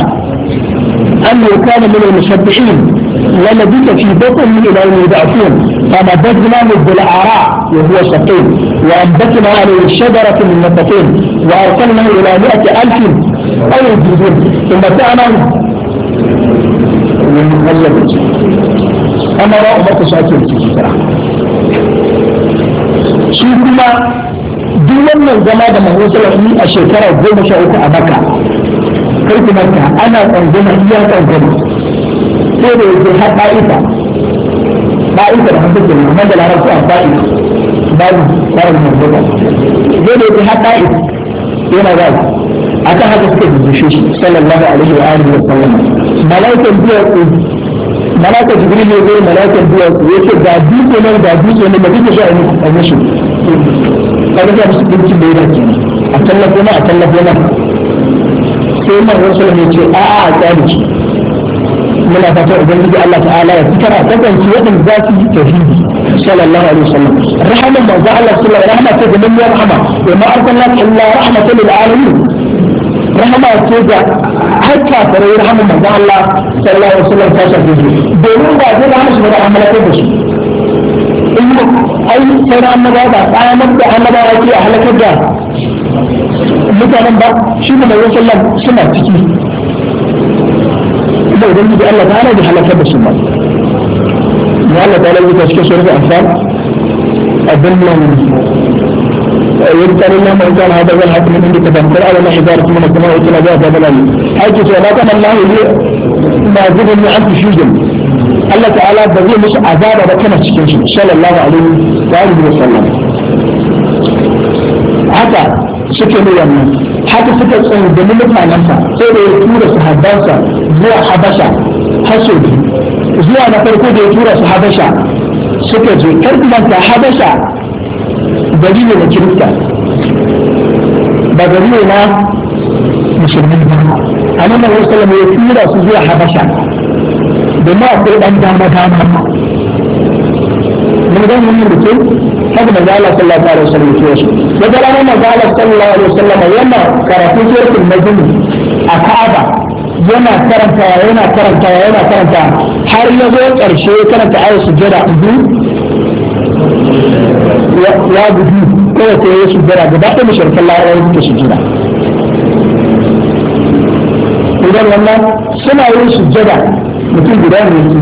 أنه كان من المشبعين ولبث في بطن إلى يوم يبعثون من بالأعراء وهو سقيم وأنبتنا عليه يعني شجرة من نبتين وارسلنا إلى مئة ألف أو يزيدون ثم كان من مغلب أنا رأى ما تشاكل في shi kuma duk wannan zama da هو salafi a shekara goma sha uku a maka kai kuma ana tsangwama iya sai da yake har ba'isa ba'isa da hasu kenan nan da larabci a ba'isa babu tsarin manzuka sai da yake har ba'isa yana ba a kan haka suka zuzuce shi sallallahu alaihi wa alihi wa sallam malaikan duwatsu malaka jibril ne zai malaka duwatsu yake ga dutse nan ga dutse nan da kike so a yi mishi kaga ga musu dinki da yana ki a tallafo na a tallafo na sai man rasul ne ce a a tsari muna fata ubangiji Allah ta'ala ya fitar a kasance waɗanda za su yi tauhidi sallallahu alaihi wasallam rahaman manzo Allah sallallahu alaihi rahama ce ga mun rahama wa ma arsalna illa rahmatan lil alamin rahama ce ga har kafirai rahaman manzo Allah sallallahu alaihi wasallam ta shafe su domin ba zai rahama su ba amalaka da su in ai sai annabawa ba tsayanar da annabawa ke a halakar da mutanen ba shi ne mai wasallam suna ciki haka ubangiji Allah ta'ala bai halakar da su ba ya Allah ta'ala bai tashi su rufe amfan abin nan يذكر الله من كان هذا الحق من عندك فانكر على ما حجارة من السماء وكنا هذا باب العلم حيث لا كان الله ما زيد من عبد شجن الله تعالى بذيه مش عذاب بكنا تشكيش صلى الله عليه وآله وسلم haka suke ne wannan haka suka tsaye da mulkin sa sai da ya tura sahabbansa zuwa habasha haso zuwa na farko da ya tura su habasha suka je karkumanta habasha gari ne na kirista ba gari ne na musulmi ba a nan da wasu ya tura su zuwa habasha domin akwai ɗan dama dama mun ga mun da ke haka da Allah sallallahu alaihi wasallam ke shi da ga ranar da Allah sallallahu alaihi wasallam yana karatu suratul najm a Ka'aba yana karanta yana karanta yana karanta har ya zo karshe ya karanta ayat sujjada uku ya gudu kawai ko ya sujjada gaba ɗaya mashirkan larabawa suke sujjada idan wannan suna yi sujjada mutum guda ne su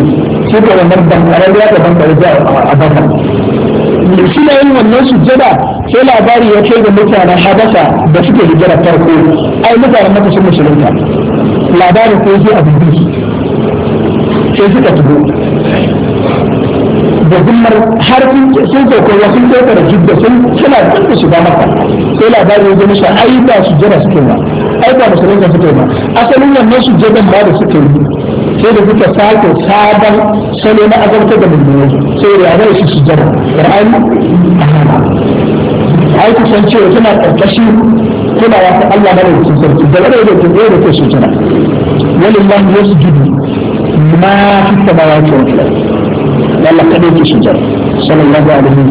suka wannan bankarar ya ta bankarar da a bakar suna yin wannan sujjada sai labari ya kai da mutanen habasa da suke hijira farko ai mutanen maka sun musulunta labarin ko yake a dubbe sai suka tuho da zimmar har sun sauko ya sun sauka da jidda sun suna tsanka shiga maka sai labarin ya zama shi ai ba su jira suke ba ai ba musulun da suke ba asalin wannan su jiran ba da suke yi sai da suka sake sabon salo na azabtar da mulmuli sai da ya shi su jira ƙar'ani a hana ai kusan cewa suna ƙarƙashin kulawa ta Allah madaukakin sarki da wadda yake tsaye da kai sujada walillahi yasjudu ma fi samawati wal ardh Allah kadai ke sujada sallallahu alaihi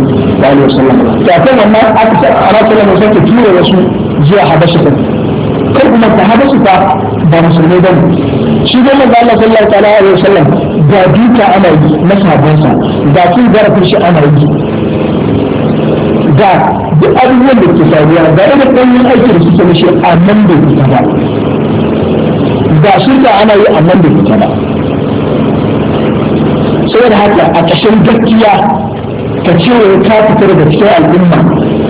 wa alihi wasallam ta kan wannan aka sa a rasul Allah sai ta tura wasu zuwa habasha ta kai kuma ta habasha ta ba musulmai bane shi dai manzo Allah sallallahu alaihi wasallam ga duka ana yi na sabonsa ga kin garafin shi ana yi da duk abubuwan da ke faruwa da irin ɗanyen aiki da suka mishi a nan da ita ba da shirka ana yi a nan da ita ba da haka a ƙashin gaskiya ka ce ka fitar da cikin al'umma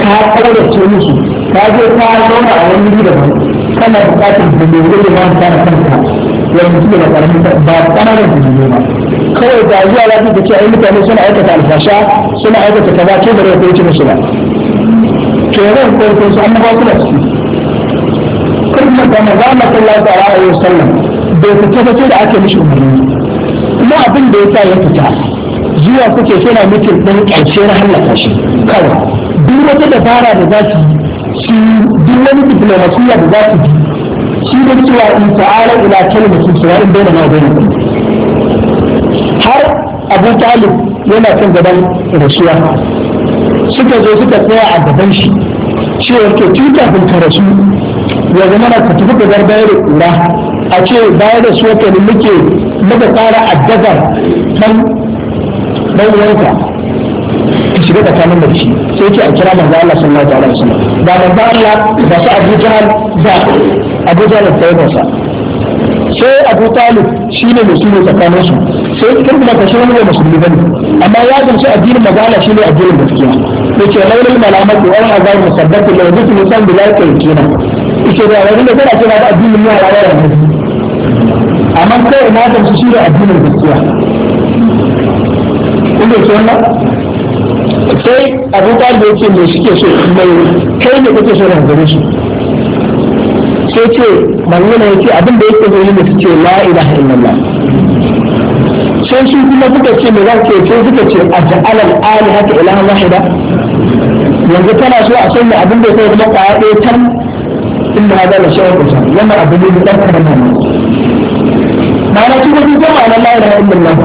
ka ƙaurace musu ka je ka zauna a wani da daban kana buƙatar da mai wuri ma ta kanka wani mutum da ƙaramin ba ƙananan da ba kawai da zuwa lafi da ce ai mutane suna aikata alfasha suna aikata kaza da bare ko yace musu ba kenan ko ko su annaba suna ciki kuma da manzo a ta'ala alaihi wasallam bai fita ba sai da ake mishi umarni kuma abin da ya sa ya fita zuwa kuke suna mutum ɗan ƙarshe na hallaka shi kawai duk wata dabara da za su shi duk wani diplomasiya da za su yi, shi da cewa in ta'ala ila kalmatin sawa'in bayna ma bayna abu talib yana kan gaban rasuwa suka zo suka tsaya a gaban shi shi to tun kafin ka rasu ya zama na ka tafi gabar bayar da kura a ce bayar da su wata muke muka tsara a dan dan wanka ka shiga tsakanin da shi sai ce a kira manzo Allah sallallahu alaihi wasallam da manzo Allah da su Abu Jahl da Abu Jahl da sa sai Abu Talib shine mai sulhu tsakanin su sai kar kuma ka shirya da musulmi bane amma ya gamsu addinin magana shine addinin gaskiya yace laulal malamatu wal azab musabbatu law jitu musan bilal kayina yace da wani da kana cewa addinin ya rawa ya amma kai na gamsu shine addinin gaskiya kuma ce wannan sai abu talib yake me shike so mai kai ne kake so na gare shi sai ce manzo ne yace abin da yake so ne su ce la ilaha illallah sai su kuma suka ce me za ke sai suka ce a ja'alal alihata ilahan wahida yanzu tana so a sanya abin da ya zama kwaya ɗaya tan in da hada da shawar kusa wannan abu ne da ɗan karan nan ma'ana su kuma zama a nan la ilaha illallah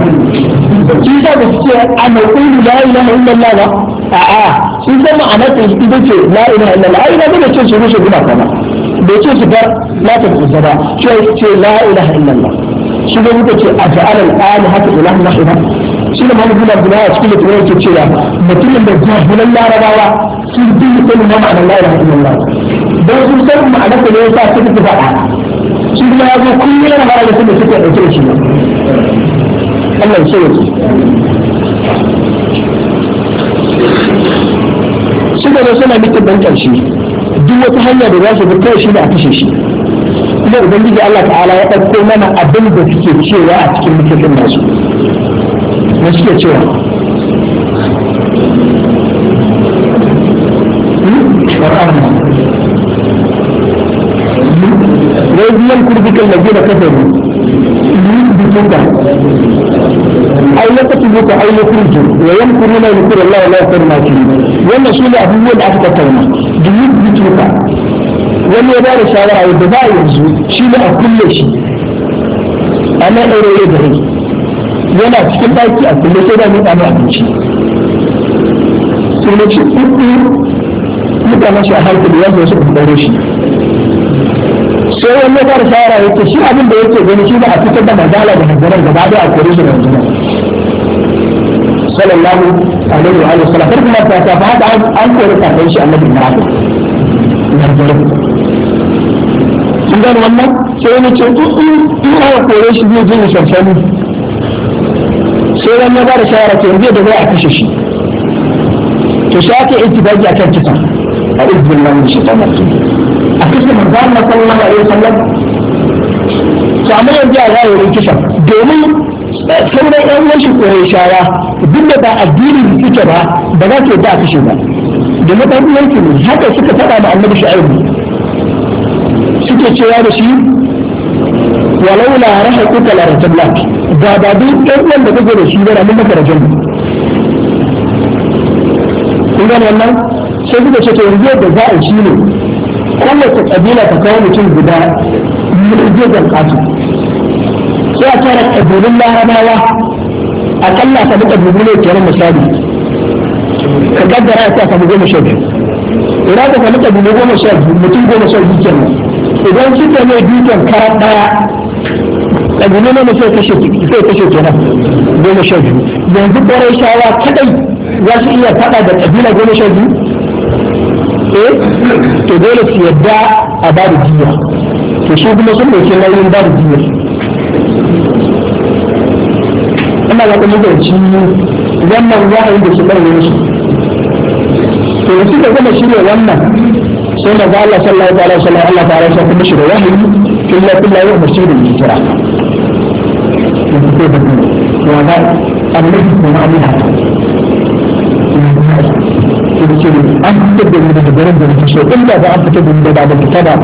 shi sa da suke a mai ƙungu la ilaha illallah ba a'a shi zama a nan ita ce la ilaha illallah ai na zama ce su rushe guda kaza bai ce su bar la ta kusa ba ce la ilaha illallah shi ne muka ce a ja'ala al-ali haka ilahin wahida shi ne mamu bin abdullahi a cikin littafin yake cewa mutumin da jahilan larabawa sun bi mutum na ma'anar da ilaha illallah don sun san ma'anar da ya sa suka fi faɗa shi kuma ya zo kullum yana fara da suka suka ɗauke da shi Allah ya ce suka zo suna mitin ban ƙarshe duk wata hanya da za su bi kawai shi ne a kashe shi kuma ubangiji Allah ta'ala ya ɗauko mana abin da suke cewa a cikin littafin nasu na suke cewa وإذ يمكر بك الذين كفروا يثبتوك أو يقتلوك أو يخرجوا ويمكرون يمكر الله ولا يكون ماكرين وما شيء أبوه الأفضل دي يثبتوك wani ya bada shawara yadda ba yanzu shi ne a kulle shi amma ɗaure ya gare yana cikin ɗaki a kulle sai da mu ɗana abinci sai na ce ɗuɗɗu mutanen shi a hankali ya wasu su ɗaure shi sai wani ya bada shawara yake shi abin da yake gani shi ba a fitar da magana da hanzarar gaba ɗaya a kore su da hanzarar sallallahu alaihi wa sallam farko ma ta ta ba da an kore kafin shi annabi Ibrahim sun gane wannan sai wani ce in aka kore shi zai je ya sansani sai wani ba da shawara ke zai da a kashe shi to sai aka yi tibaki a kan kisa a izinin nan shi ta mutu a kashe manzan na sallallahu alaihi wasallam to amma yanzu a zahirin kisa domin eh, sauran yan uwan shi kore shawa duk da ba addinin suke ba ba za su yi ba a kashe ba domin da yanki ne haka suka faɗa da annabi shu'aibu suke cewa da shi walau la rahaquka la rajulak da ba duk ɗan uwan da kake da shi ba mun maka rajul kun ga wannan sai suka ce to yanzu da za a shi ne kowace kabila ta kawo mutum guda miliyan kasu sai a tara kabilun larabawa a kalla akalla samu kabilu ne kenan misali ka gaddara ya sa samu goma sha biyu idan ka samu kabilu goma sha biyu mutum goma sha biyu kenan idan suka ne dukan karan daya ɗabi'u ne sai kashe sai kashe kenan goma sha biyu yanzu bare shawa kadai za su iya faɗa da ƙabila goma sha biyu eh to dole su yadda a ba da jiya to shi kuma sun dauke nauyin ba da jiya ana ga kuma da ci wannan ra'ayin da su wani su to yanzu da gama shirya wannan sai da ga Allah sallallahu alaihi wasallam Allah ta'ala ya kuma shi da wahayi illa billahi wa masjidil hijra من أمرها أن من الجبرين بن تشير إلا بأن تبدأ من بعد الكتابة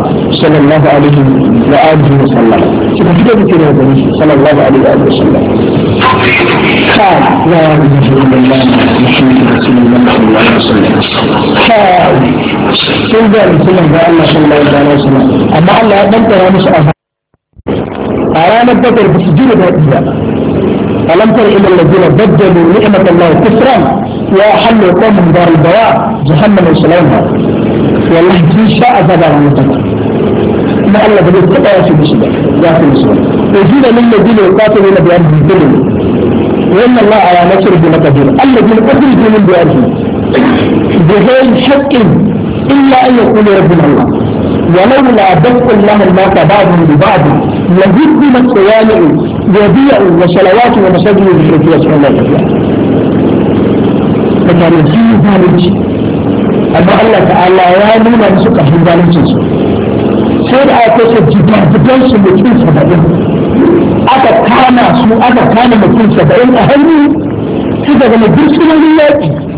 صلى الله عليه وآله وسلم فتبدأ من الجبرين صلى الله عليه وآله وسلم قال لا إله إلا الله محمد رسول الله صلى الله عليه وسلم sun ga mutumin da Allah sallallahu alaihi wasallam amma Allah ya bantara musu a a ranar bakar ba su ji da daɗi ba alam tara ila alladhina baddalu ni'mat Allah kufran wa halu qawmun dar al-bawa jahannam salama wallahi sun sha azaba ran mutum kuma Allah ba zai taɓa yasu musu ba ya fi musu ba وجيل للذين يقاتلون بأرض الظلم وإن الله على نصر بمقدور الذين قتلوا من بأرض بغير حق إلا أن يقول ربنا الله ولولا دفع الله الموت بعضهم ببعض لهدمت صوامع يبيع وصلوات ومساجد للشرك رسول الله فكان في ذلك أما الله تعالى يا نونا نسوك في ذلك sai da aka ce jigajigan su mutum saba'in aka kama كان aka kama mutum saba'in a hannu su daga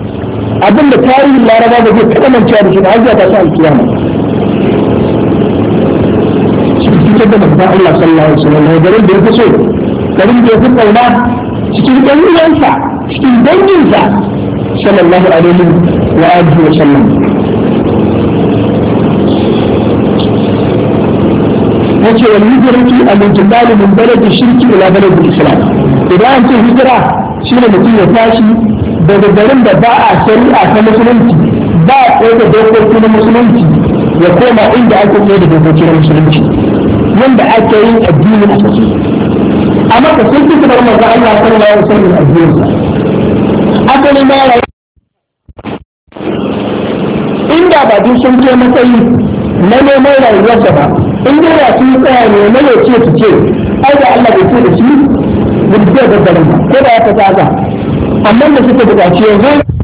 abin da tarihin laraba ba zai taɓa mancewa da shi ba har zuwa tashi alkiyama fitar da manzon Allah sallallahu alaihi wasallam daga garin da ya so garin da ya fi kauna cikin ɗan uwansa cikin danginsa sallallahu alaihi wa alihi wa sallam yace wal hijratu al-intiqal min balad ash-shirk ila balad al-islam idan an ce hijira shine mutum ya tashi daga garin da ba a shari'a ta musulunci ba a tsaye dokoki na musulunci ya koma inda ake tsaye da dokoki na musulunci yadda ake yin addinin su. ciki amma ka sun fi kamar manzo Allah sallallahu alaihi wasallam addinin asali ma inda ba din sun je matsayi na neman rayuwar da ba in dai ba sun tsaya ne na ya ce su ce ai da Allah bai ce da shi mutum da ba ko da ya ta tsaga amma da suka buƙaci yanzu